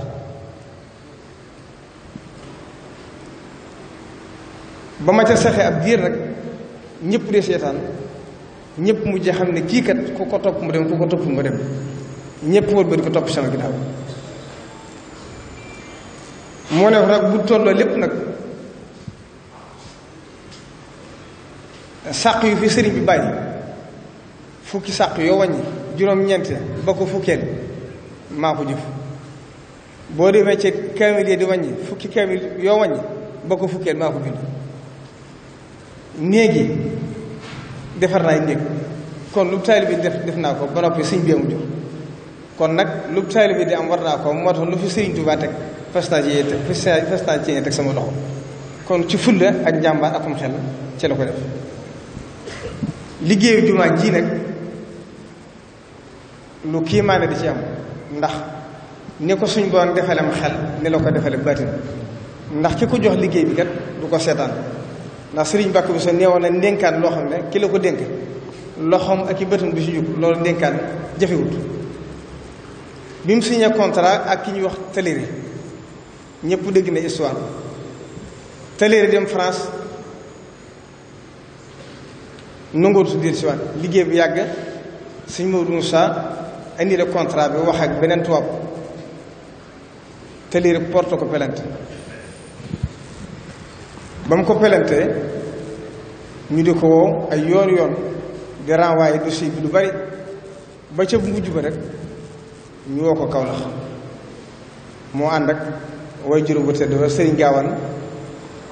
A: ba ma ca saxe ab diir nag ñëpp de seetaan ñëpp mujj xam ne kii kat ku ko topp mu dem ku ko topp mu dem ñëpp wër ba di ko topp sama ginnaaw moo ne nag bu tolloo lépp nag sàq yu fi sëriñ bi bàyyi fukki sàq yoo wàññi juróom-ñeent ba ko fukkeel maa ko jëf boo demee ci kaamil yi di wàññi fukki kaamil yoo wàññi ba ko fukkeel maa ko bind néegi defar naay néeg kon lu taalibe bi def def naa ko ba noppi sëñ bi mu jox kon nag lu taalibe bi di am war naa ko moo tax lu fi sëriñ Tuubaa fas naa ci fas naa ci teg sama loxo kon ci fulla ak njàmbaar akum xel ci la ko def liggéeyu jumaa ji nag lu maane di ci am ndax ni ko suñ borom defalem xel ni la ko defale baatin ndax ki ko jox liggéey bi kat du ko seetaan ndax sëriñ Bakk bi sa neewoon na ndénkaan loo xam ne ki la ko dénk loxoom ak i bëtam bi si jug loolu ndénkaan jafewut bi mu signé contrat ak ki ñuy wax tëlëri ñëpp dégg na histoire tëleeri dem France nangootu biir si liggéey bi yàgg sëñ Maodo Moussa indi la contrat bi wax ak beneen tubaab tëleeri porte ko pelante ba mu ko pelantee ñu di ko woo ay yoon yoon di renvoyé dossier bi lu bari ba ca bu mujj ba rek ñu woo ko Kaolack moo ànd ak way juru bu tedd ba sëriñ Gaawaan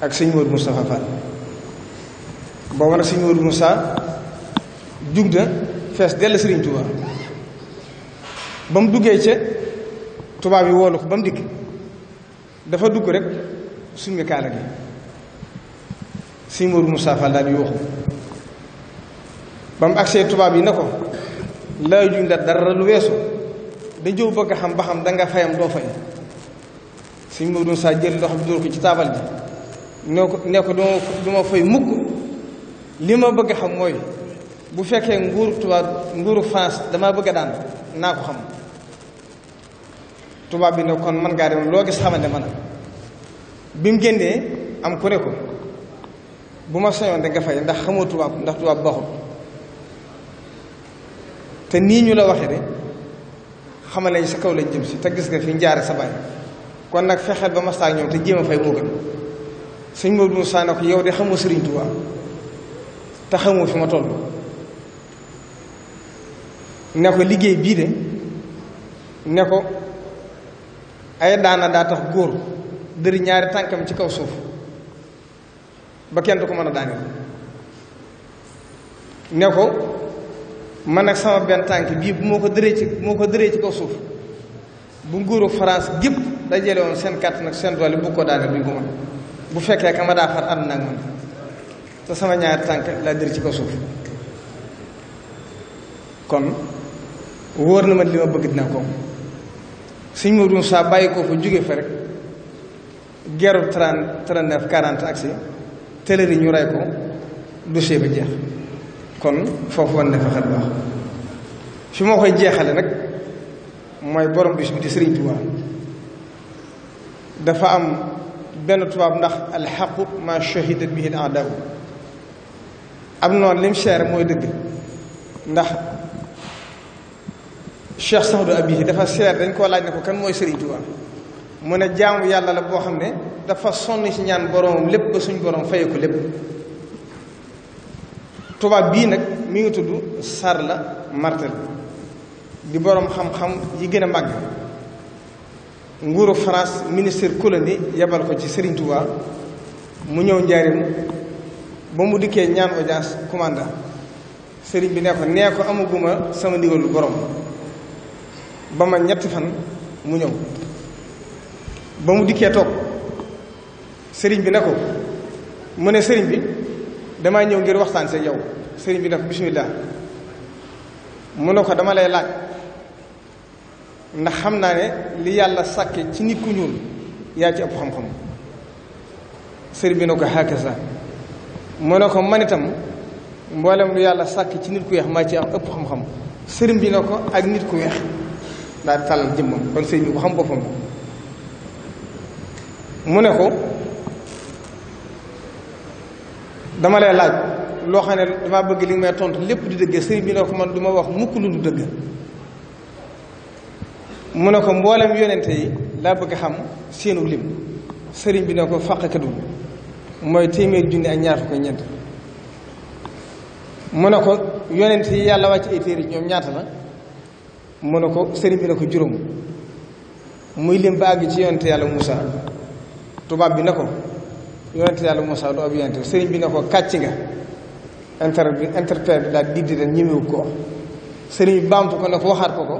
A: ak sëñ Moodu Moustapha Fall booba nag sëñ Moodu Moustapha jug na fees dell sëriñ Touba ba mu duggee ca tubaab yi woolu ko ba mu dikk dafa dugg rek summi kaala gi sëñ Moodu Moustapha Fall daal di ba mu agsee tubaab yi ne ko laa juñ la dara lu weesu dañoo bëgg a xam ba xam danga fayam doo fay suñ ma doon saa jël loxo bi dóor ci taabal ji ne ko ne ko du ma du ma fay mukk li ma bëgg xam mooy bu fekkee nguur tubaab nguuru France dama bëgg a daan naa ko xam tubaab bi ne kon man ngaa dem loo gis xamante man bi mu génnee am ku ne ko bu ma soñoon de nga fay ndax xamoo tubaab ndax tubaab baaxul te nii ñu la waxee de xamal lañ si kaw lañ jëm si te gis nga fi njaare sa baay kon nag fexeel ba mastaak ñoom te jéem a fay moo gën sëñ Maodo Moussa ne ko yow de xamoo Sëriñ Tuubaa te xamoo fi ma toll ne ko liggéey bii de ne ko ay daana daa tax góor dëri ñaari tànkam ci kaw suuf ba kenn du ko mën a daaneel ne ko man ak sama benn tànk bii bu moo ko dëree ci moo ko dëree ci kaw suuf bu nguuru France gépp dajale woon seen kàtt nag seen doole bu ko daane duñ ko mën bu fekkee ka ma daa far ànd nag man te sama ñaari tànk laa dër ci ko suuf kon wóor na ma li ma bëgg dina ko suñ ma dum saa bàyyi ko fa jóge fa rek gerru trente trente neuf quarante aksi tëlëri ñu rey ko dossier ba jeex kon foofu wan ne fa xel baax fi moo koy jeexale nag mooy borom bis bi di sëriñ Tuubaa dafa am benn tubaab ndax alxaqu ma shahida bihi adaw am noonu lim seer mooy dëgg ndax Cheikh Sahdou Abihi dafa seer dañ koo laaj ne ko kan mooy sëriñ Tuubaa mu ne jaamu yàlla la boo xam ne dafa sonn si ñaan boromam lépp ba suñ borom faye ko lépp tubaab bii nag mi ngi tudd sar Sarla Martel di boroom xam-xam yi gën a màgg nguuru France ministre colonie yebal ko ci Serigne Touba mu ñëw njaarim ba mu dikkee ñaan audience commandant sëriñ bi ne ko nee ko amaguma sama ndigalu boroom ba ma ñetti fan mu ñëw ba mu dikkee toog sëriñ bi ne ko mu ne Serigne bi damaa ñëw ngir waxtaan see yow Serigne bi ne ko bismillah mu ne ko dama lay laaj. ndax xam naa ne li yàlla sàkke ci nit ku ñuul yaa ci ëpp xam-xam sëriñ bi ne ko xaakasa mu ne ko man itam mboolem lu yàlla sàkk ci nit ku weex maa ci am ëpp xam-xam sëriñ bi ne ko ak nit ku weex daal di tàllal jëmmam kon sëriñ bi bu xam boppam mu ne ko dama lay laaj loo xam ne dama bëgg li nga may tontu lépp di dëgg sëriñ bi ne ko man du ma wax mukk lu du dëgg mu ne ko mboolem yonente yi laa bëgg a xam seenu lim sëriñ bi na ko fàq kaddu mooy téeméer junni ak ñaar fukk ñeent mu ne ko yonent yi yàlla wàcc ay téere ñoom ñaata la mun ne ko sëriñ bi ne ko juróom muy lim ba àgg ci yonent yàlla musa tubaab bi ne ko yonent yàlla Moussa du ab yonent sëriñ bi ne ko kàcc nga inter bi interprète bi daal diddi den ko sëriñ bi baamtu ko ne ko waxaat ko ko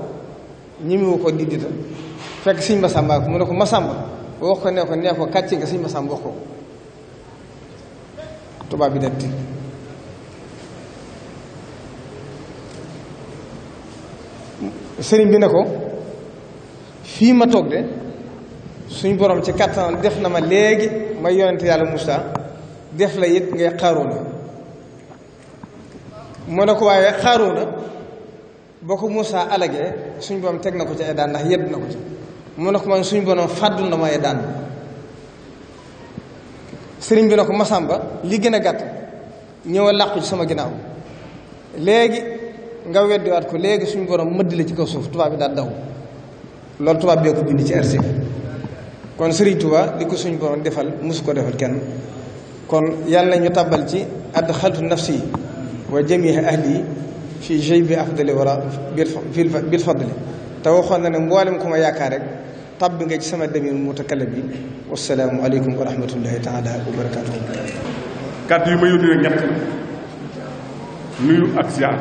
A: ñemewu ko diddita fekk sëñ Masamba ko mu ne ko Masamba wax ko ne ko nee ko kàcce nga sëñ Masamba wax tubaab bi datti sëriñ bi ne ko fii ma toog de suñ borom ci kattanam def na ma léegi may yonent yàlla Moussa def la it ngay xaaroona mu ne ko waaye xaaroona boo ko Moussa alagee suñu borom teg na ko ci ay daan ndax yedd na ko ci mu ne ko man suñ borom fàddu na ma ay daan sëriñ bi na ko Masamba li gën a gàtt ñëw a làqu ci sama ginnaaw léegi nga waat ko léegi suñ borom mëdd la ci kaw suuf tubaab bi daal daw loolu tubaab bee ko bind ci RC kon sëriñ Tuubaa li ko suñ borom defal mosu ko defal kenn kon yàlla na ñu tàbbal ci add xaltu nafsi wa jamiha ahli fii jëy bi afdali wala bil fadli te waxoon na ne mboolem ku ma yaakaar rek tabbi nga ci sama demir mutakallim bi wasalaamu aleykum wa rahmatullahi taala wa barakaatu. kàddu yi ma yónnee rek ñett
F: nuyu ak ziar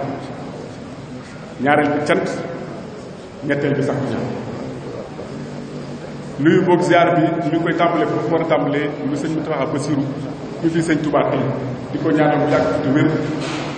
F: ñaareel bi cant
G: ñetteel bi sax ñaan nuyu boog ziar bi ñu koy tàmbalee foofu war a tàmbalee lu sëñ Mountakha Bassirou ñu fi sëñ Touba tey di ko ñaanal bu yàgg te wér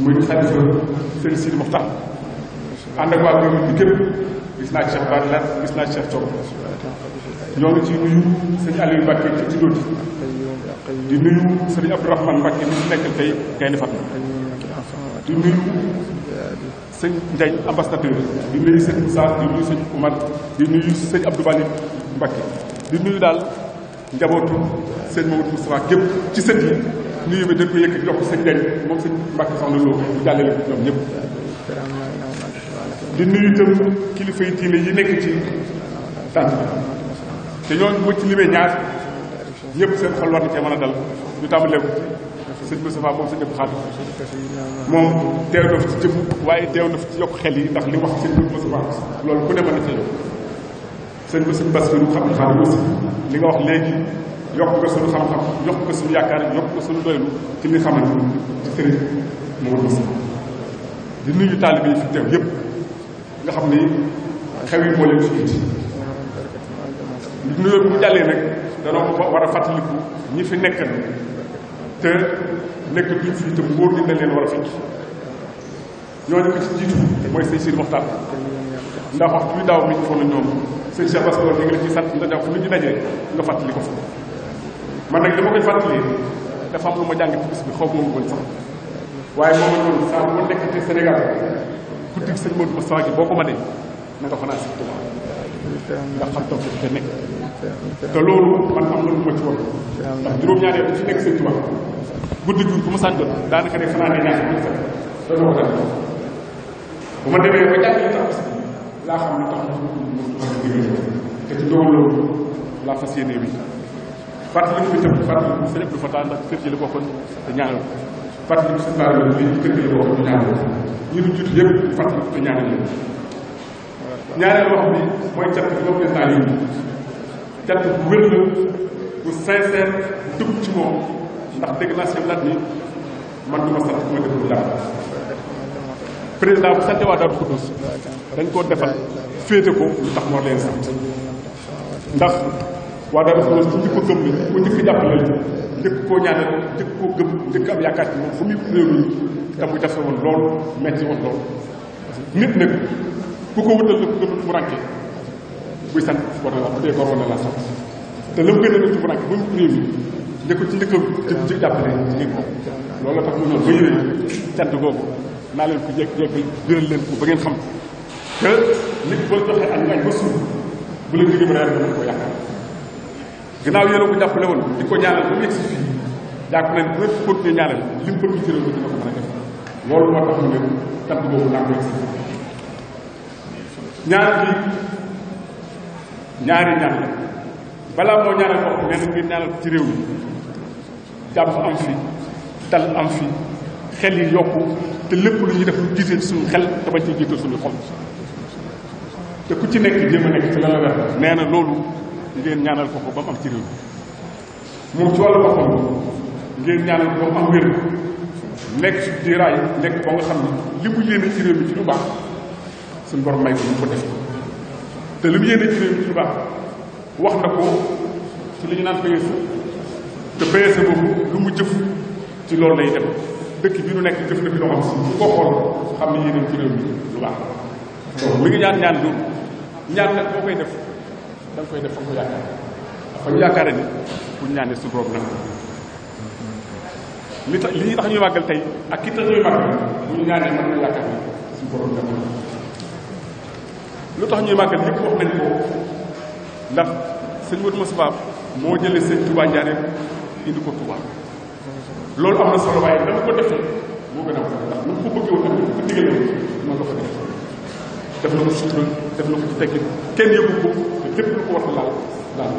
F: muy xalifa sëñ Sidi Moxtar ànd ak waa commune bi képp gis naa Cheikh Bara Lat gis naa Cheikh Thioro ñoo ngi ci nuyu sëñ Aliou Mbacke ci ci dóoti di nuyu sëñ Abdourahmane Mbacke mi fi nekkal tey
G: Gaynde Fatma di nuyu sëñ Ndiaye ambassadeur di nuyu sëñ Moussa di nuyu sëñ Oumar di nuyu sëñ Abdou Bali Mbacke di nuyu daal njabootu sëñ Mamadou Moustapha képp ci sët yi nuyu bi dañ ko yëkkati jox ko sëñ moom sëñ Mbacke soxna Lo jàllale ko ñoom ñëpp. di nuyu itam kilifa yi diine yi nekk ci tànn te ñooñu boo ci limee ñaar ñëpp seen xol war na cee moom teew na fi ci jëmm waaye teew na fi ci yokk xel yi ndax li wax sëñ Moustapha loolu ku ne mën na cee yokk sëñ Bassirou xam nga xam aussi li nga wax léegi. yokk ko suñu xam-xam yokk ko suñu yaakaar yokk ko suñu doylu ci li xamante ni ci sëriñ Mouhamadou Moussa di yi fi teew yëpp nga xam leen
F: war a fàttaliku ñi fi nekkan
G: te nekk duñ fii te leen war a fekk ñooñu ko ci jiitu mooy sëñ Sidi Moxtaar ndax waxtu wi daaw fu ñu ci dajee nga fàttali ko fa man nag dama koy fàttali dafa am lu ma jàng ci bi xaw ma woon sax waaye moo ma woon saa bu ma nekkatee Sénégal guddi gi sëñ Modou Moustapha gi boo ko mënee na nga man am na ma ci woon nekk sëñ ma sànni jot daanaka ne fanaan ne ñaari ma
F: ne tax
G: te ci loolu laa fas yéene
F: fàttali ko itam fàttali ko sëriñ Abdou Fatah ndax kër gi la ko fàttali ko sëriñ Bara Dolly la bokkoon te ñaanal ko
G: ñu ñu jiitu yëpp fàttali ko te wax bi mooy cant bi moom président yi cant bu wér la bu sincère dugg ci moom ndax dégg naa seen laaj ni man du ma sant ma def lu dara président bu sante waa Daaru Xuddus dañ koo defal féete ko lu tax moo leen sant ndax waaw daal dafa ci njëkk ko gëm la ko njëkk jàppale la njëkk koo ñaanal njëkk koo gëm njëkk am yaakaar ci moom fu muy réew te nit nag ku ko wutal la ko gëm mu rànkee buy sant war la bu dee gor
A: war a
G: naa leen ko jekk jekk biral yaakaar ginnaaw yéen a ko jàppale di ko ñaanal ba mu egsi fii jàpp nañ bu nekk continuer ñaanal li ci réew ñaari ñaan balaa moo ñaanal ko nee ngir ñaanal ci réew mi jàmm am fi dal am fi xel yi yokku te lépp lu ñuy def lu jiite suñu xel te bañ ci jiital suñu xol te ku ci nekk jéem a nekk ci la la wér nee na loolu ngeen ñaanal ko ko ba mu am ci réew mi moom ci wàllu boppam
F: ngeen ñaanal ko ba mu am
G: nekk ci diiraay nekk ba nga xam ne li mu yéene ci réew ci lu baax suñu borom may ko mu ko mu e. e lu mu jëf ci loolu lay dem dëkk bi nu nekk jëf na fi loo xam ko xool xam ne yéene ci réew lu baax donc ngi ñaan ñaan loolu ñaan nag boo koy def da koy def fa nga ko yaakaar fa ñu yaakaare ni bu ñu ñaanee su boobu nag li tax li tax ñuy màggal tax ñuy màggal bu ñu na yaakaar ni su boobu wax nañ ko ndax sëñ Modou Moustapha moo jële sëñ Touba indi ko Touba loolu am na solo waaye dama ko defee moo gën a am ndax nu mu ko bëggee woon ak ko digalee noonu def na ko ci teggin kenn yëgu ko lépp lu ko war a laal laal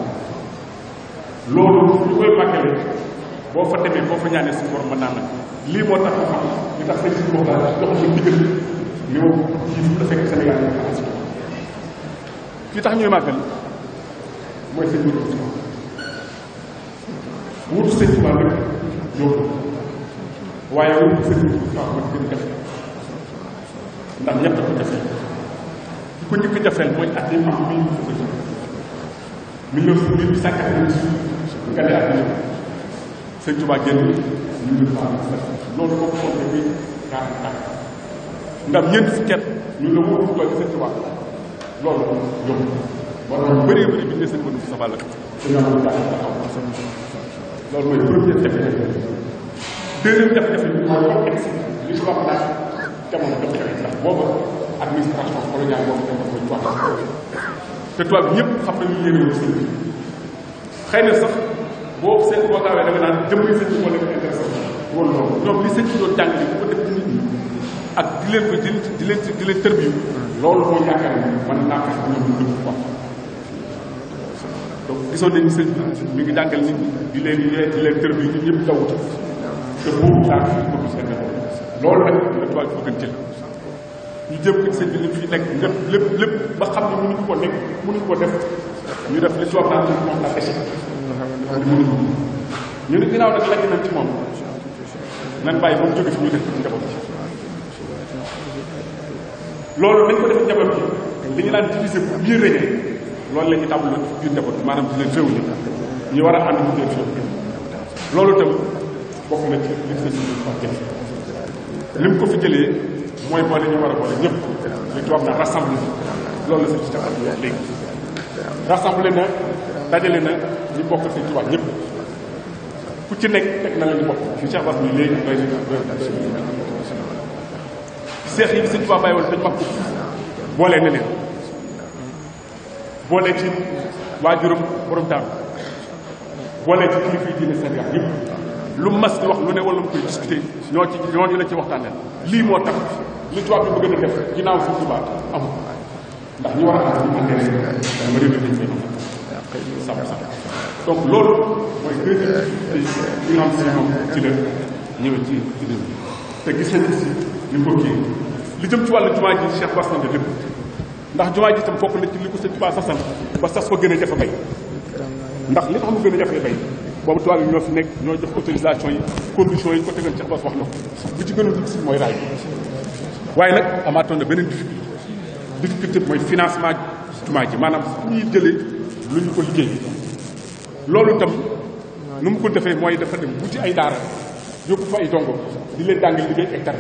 G: loolu ñu koy màggale boo fa demee boo fa ñaanee suñu borom mën naa nag lii moo tax ma xam li tax sëñ ko
F: ndigal li
G: ma jiitu la fekk Sénégal yi nga mooy sëñ bi doon ko jafe ko jafeel 1998 nga ne ak ñoom sëñ Touba génn ñu ngi faa loolu boo ko xool depuis 40 ans ndax ñeent fukki at ñu la wóorul tool sëñ Touba loolu yomb wala bëree bëri bi ñu ne sëñ Modou Moustapha la dañoo am daal taxaw
F: loolu mooy première jafe-jafe
G: deuxième jafe-jafe bi mooy contexte li ñu wax naan jamono dafa xew ndax booba administration coloniale boobu dafa koy wax te tubaab ñëpp xam nañu yéene wu sëñ xëy na sax boo seen boo gaawee da nga li sëñ bi doon jàng ci loolu moo gisoon nañu sëñ bi mi ngi jàngal nit loolu nag la tubaab jël ñu jëm ci sëñ bi lim fi nekk lépp lépp lépp ba xam ne mënuñu ko nekk mënuñu ko def ñu def li ci wax naan moom la échec ñu ne ginnaaw nag laaj nañ ci moom nan bàyyi ba mu jóge fi ñu def ci njaboot bi loolu nañ ko def njaboot bi li ñu daan diviser bu biir réñee loolu la ñu tàmbali ci biir njaboot bi maanaam di leen réew ni ñu war a ànd bu dee fi loolu tam bokk na ci li sëñ bi wax jëf li mu ko fi jëlee mooy boole ñu war a boole ñëpp li tubaab na rassemblé na dajale na ñu bokk sëñ tubaab ñëpp ku ci nekk na la bokk fi Cheikh Bass mi léegi doy yi sëñ tubaab bàyyi woon dañ wax ko boolee na leen ci waajuram borom daam boolee ci kilifa yi diine Sénégal yëpp lu mas di wax lu ne wala mu koy discuter ñoo ci ñooñu la ci waxtaanee lii moo tax li def ginnaaw suuf tubaab ndax ñu war a am
F: ñu àndee ci la ñëwee ci ci réew mi te gis nañ si
G: jumaa ji Cheikh Bass na lépp ndax jumaa ji itam bokk na ci li ko sëñ Tuubaa sasan gën a bay ndax li tax mu gën a jafe bay boobu tubaab yi ñoo fi nekk ñoo jox autorisation yi conditions yi ñu ko tegal ci Abbas wax na bu ci gënoon difficile mooy raay waaye nag amaatoon na beneen difficulté difficulté mooy financement jumaa ji maanaam fu ñuy jëlee lu ñu ko liggéey loolu itam nu mu ko defee mooy dafa dem bu ci ay daara yóbbu fa ay dongo di leen jàngal liggéey hectare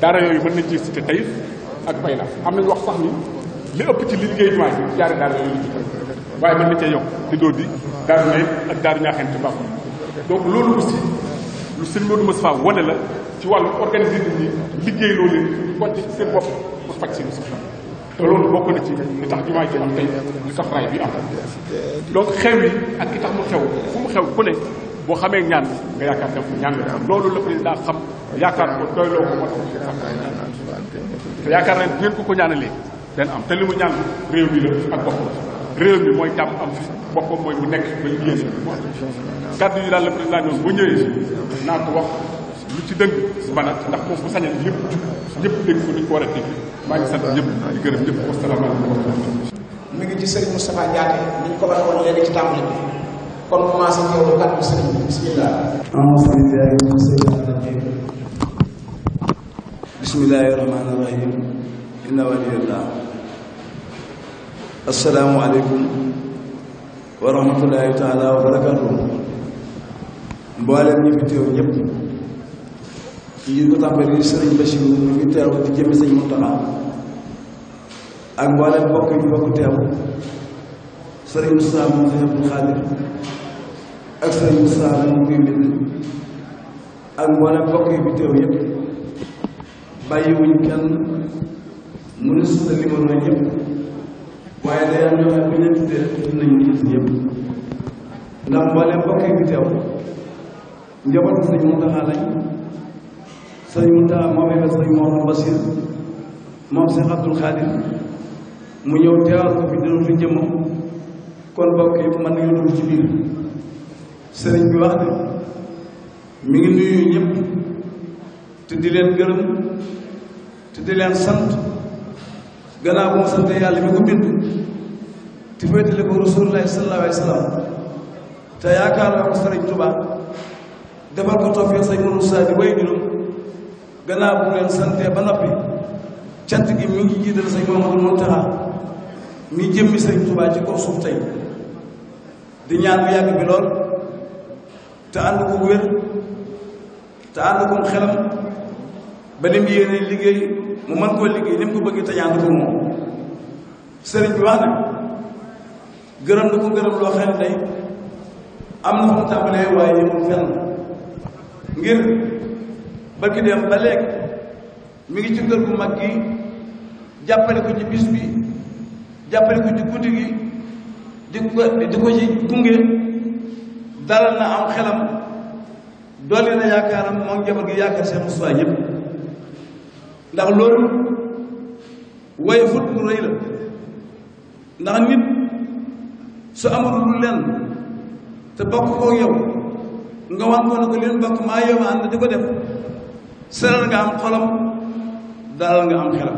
G: daara yooyu mën nañ ci cité Taïf ak Bayla am nañ wax sax ni li ëpp ci li liggéey jumaa ji jaare daara yooyu liggéey waaye mën na daaru nawet ak daaru ñaaxeen ci Mbàkke donc loolu aussi lu sëñ Modou Moustapha wane la ci wàllu organiser nit ñi liggéey loolu ñu konte ci seen bopp pour faj seen soxla te loolu bokk na ci li tax jumaa ji am tey li tax raay bi am donc xew yi ak ki tax mu xew fu mu xew ku ne boo xamee ñaan nga yaakaar def ñaan nga am loolu la président xam yaakaar ko doyloo ko moo tax te yaakaar nañ bu ngeen ko ko ñaanalee den am te li mu ñaan réew mi la ak bopp réew mi mooy jàmm am fi boppam mooy mu nekk ba yi daal la président ñoom bu ñëwee naa ko wax lu ci dëng ba ndax moom bu
B: sañal ñëpp ñëpp dégg ko ni ko war a dégg
G: maa ngi sant ñëpp di gërëm ñëpp wa salaamaaleykum
B: mi ngi ci sëriñ Moustapha Diaté ni ñu ko war a woon léegi ci tàmbali bi kon commencé ñëw ba kàddu sëriñ bi bisimilah.
H: bismillahi rahmaani rahim inna waliyallah assalaamu aleykum wa rahmatullahi taala wa mboolem ñi teew ñëpp ci ko tàmbali sëriñ Bachir sëriñ Moussa moom sëñ ngi bind ak mboolem mbokk yi fi teew ñëpp bàyyiwuñ kenn mu ne sa limal na ñëpp waaye day am ñoo xam bu ñu leen tuddee nañu nit ñëpp ndax mbooleem mbokk yi teew njabootu sëñ Muntaxa lañ sëñ Muntaxa moom it sëñ Mouhamadou Bachir moom sëñ Abdoul mu ñëw teewal ko fi dina fi jëmm kon mbokk yi nañu dugg ci biir sëriñ bi wax ne mi ngi nuyu ñëpp te di leen gërëm te di leen sant. gannaaw moom sant yàlla mi ko bind te ko rasulullahi sallallahu alayhi wa te yaakaar naa ko sëriñ Tuubaa defal ko toog fii sëñ Moussa di way juróom gannaaw bu leen santee ba noppi cant gi mi ngi jiital sëñ Mamadou Mountakha mi jëmmi sëñ Tuubaa ci kaw suuf tey di ñaan yàgg bi lool te ànd ko wér te ànd ko xelam ba ni mu yéene liggéey mu mën koo liggéey ni mu ko bëggee te ñaan ko moom sëriñ gërëm na ko gërëm loo xam ne day am na fu mu tàmbalee waaye yëmul fenn ngir barki dem ba léegi ngi ci kër gu mag gi jàppale ko ci bis bi jàppale ko ci guddi gi di ko di ko ci gunge dalal na am xelam dolli na yaakaaram moom jabar gi yaakaar seen musuwaay yëpp ndax loolu waaye fut bu rëy la ndax nit su amul lu leen te bokk koo yow nga wax ko ne ko leen bokk maa yow ànd di ko def seral nga am xolam dalal nga am xelam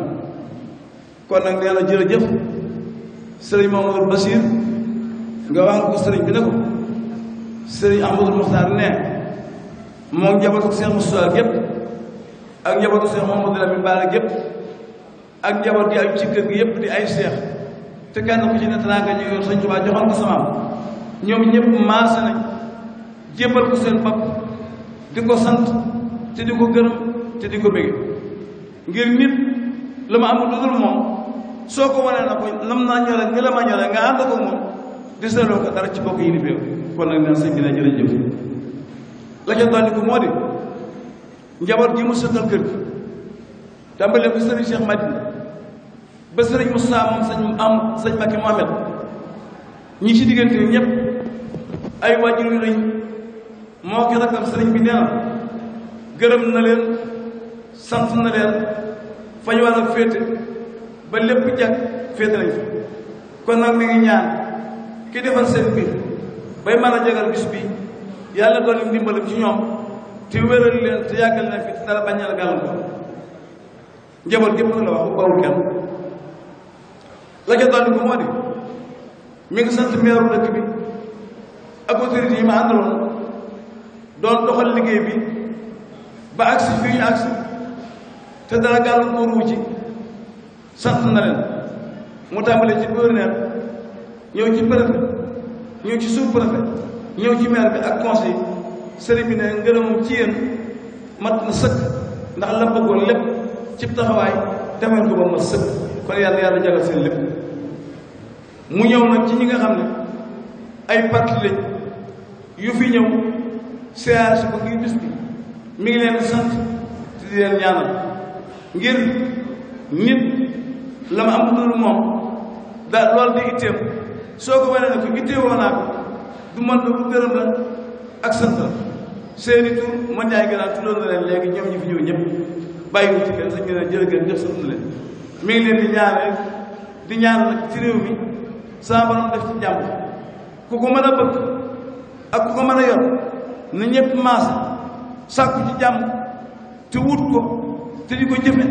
H: kon nag nee na jërëjëf sëriñ Mamadou Basiir nga wax ko sëriñ bi ne ko sëriñ Amadou Moxtaar ne moom njabootu Seex Musaa gépp ak njabootu seex Mamadou Lamine Bara gépp ak njaboot gi ak ci kër gi di ay seex te kenn ku ci ne teraanga ñu yor Sëñ Tuubaa joxoon ko samaam ñoom ñëpp maase nañ jébbal ko seen bopp di ko sant te di ko gërëm te di ko bëgg ngir nit la ma amul dudul moom soo ko wanee na ko lam naa ñore ngi la ma ñore nga ànd ko moom di seetloo ko dara ci bokk yi ni féew kon nag neen sëñ bi ne jërëjëf la ca dolli ko moo di njaboot gi mu sëkkal kër gi tàmbale ko sëriñ Cheikh Madina ba sëriñ Moussa moom sëñ am sëñ Macky ñi ci diggante ñëpp ay waajur yu lañ moo ki rakkam sëriñ bi nee na gërëm na leen sant na leen fañ war a féete ba lépp jàkk féete nañ fa kon nag mi ngi ñaan ki defal seen biir bay mën a jagal bis yàlla doon dimbalam ci ñoom te wéral leen te yàggal na fi te dara bañal gàllankoor njaboot gépp la wax bawul kenn la ca dolli ko moo di mi ngi sant meeru dëkk bi ak autorité yi ma àndaloon doon doxal liggéey bi ba agsi fii ñu agsi te dara gàllankoor wu ci sant na leen mu tàmbalee ci gouverneur ñëw ci préfet ñëw ci sous préfet ñëw ci maire bi ak conseil sëriñ bi ne ngërëmam ci yéen mat na sëkk ndax la bëggoon lépp ci taxawaay demeen ko ba mat sëkk kon yàlla yàlla jagal seen lépp mu ñëw nag ci ñi nga xam ne ay parti lañ yu fi ñëw séance bu ngi bis bi mi ngi leen sant di leen ñaanal ngir nit la ma am dul moom da loolu di itteem soo ko wane ne ko ittee woo naa ko du man lu gërëm la ak sant la seeni tur ma jaay gannaaw tuddoon na leen léegi ñoom ñi fi ñëw ñëpp bàyyi wu ci kenn sañ gën a jël gën jox sant leen mi ngi leen di ñaanal di réew mi saa borom def ci ku ko mën a bëgg ak ku ko mën a yor na ñëpp maas sàkku ci jàmm wut ko te di ko jëfe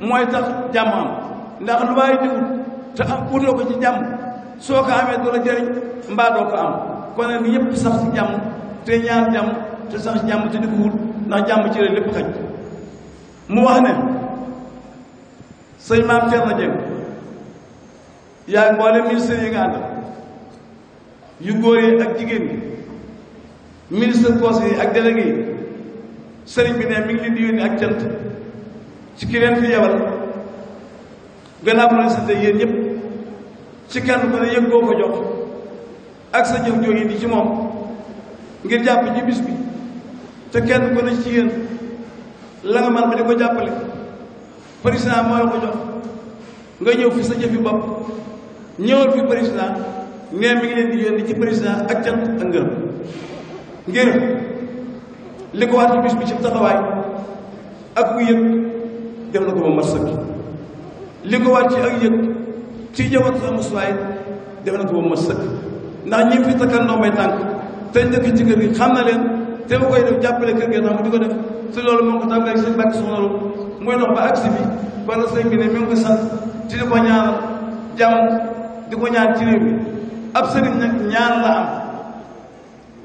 H: mooy tax jàmm ndax lu waay di wut am wutoo ko ci jàmm soo ko amee du la mbaa doo am kon nag ñëpp sax ci jàmm te ñaan jàmm te sax jàmm te di ko ndax jàmm ci la lépp xaj mu wax ne sëñ maam Thierno Dieng yaa mboole ministère yi yu góor yi ak jigéen mi ministre conseil yi ak délégué yi sëriñ bi ne mi ngi leen di yónni ak cant ci ki leen fi yebal gannaaw bu sant yéen ñëpp ci kenn ku ne yëg koo ko jox ak sa jëf jooju di ci moom ngir jàpp ci bi te kenn ku ne jigéen yéen la nga man ba di ko jàppale président moo la ko jox nga ñëw fi sa jëfi bopp ñëwal fi président nee mi ngi leen di yónni ci président ak cant ak ngërëm ngir li ko war ci bis bi ci taxawaay ak ku yëg def na ko ba mat sëkk li ko war ci ak yëg ci jëwat amusuwaay def na ko ba mat sëkk ndax ñi fi takkal ndombay tànk te dëkk ci kër gi xam na leen te mu koy def jàppale kër ga ndax di ko def si loolu moo ko tàmbalee ak seen bàkk soxna loolu mooy ba agsi bi kon sëñ bi ne mi ngi ko di ko ñaan jàmm di ko ñaan ci ab sëriñ ñaan la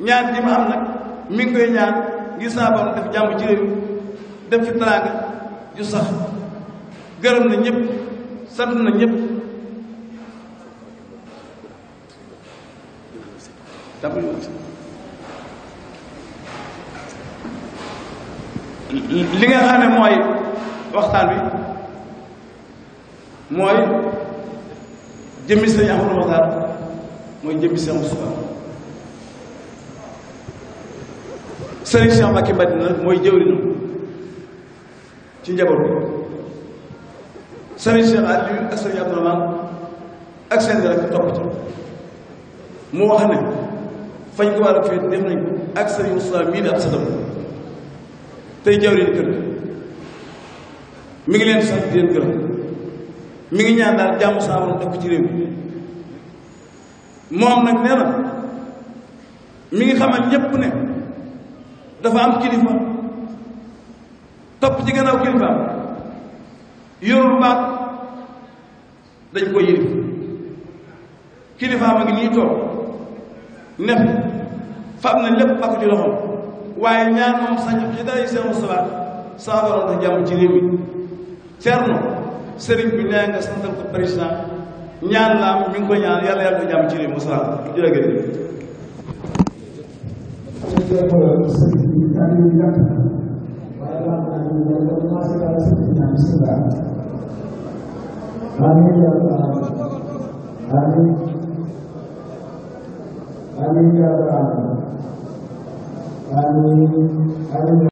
H: ñaan gi ma nag mi koy ñaan ngir saa borom def jàmm ci réew mi fi talaaka ju sax gërëm na ñëpp sant na ñëpp li nga xam ne mooy waxtaan wi mooy jëmmi sëñ Ahmadou Maxtaar mooy jëmmi sëñ Moustapha sëriñ Cheikh Mbacké Madina nag ci njaboot bi sëriñ Cheikh Aliou ak sëriñ Abdourahmane ak seen rek topp ci mu wax ne fañ ko war a fii def nañ ak sëriñ Moustapha mii di ab sa tey jawriñ kër mi ngi leen sant di leen gërëm ngi ñaan daal jàmm saa war a def moom nag nee na
F: mi ngi xamal ñépp
H: ne dafa am kilifa topp ci gannaaw kilifaam yorul baat dañ ko yëri kilifaam ngi nii toog ne fab na lépp ak ci waaye ñaan moom sañ ci day seen Mustafaa saa borom da jàmm ci réew mi Cerno sëriñ nga santal ko président ñaan la am mi ngi ko ñaan yàlla yàlla da jàmm ci réew mi Mustafaa jërëjëf
F: Amin ya Rabbal Alamin Amin. Amin.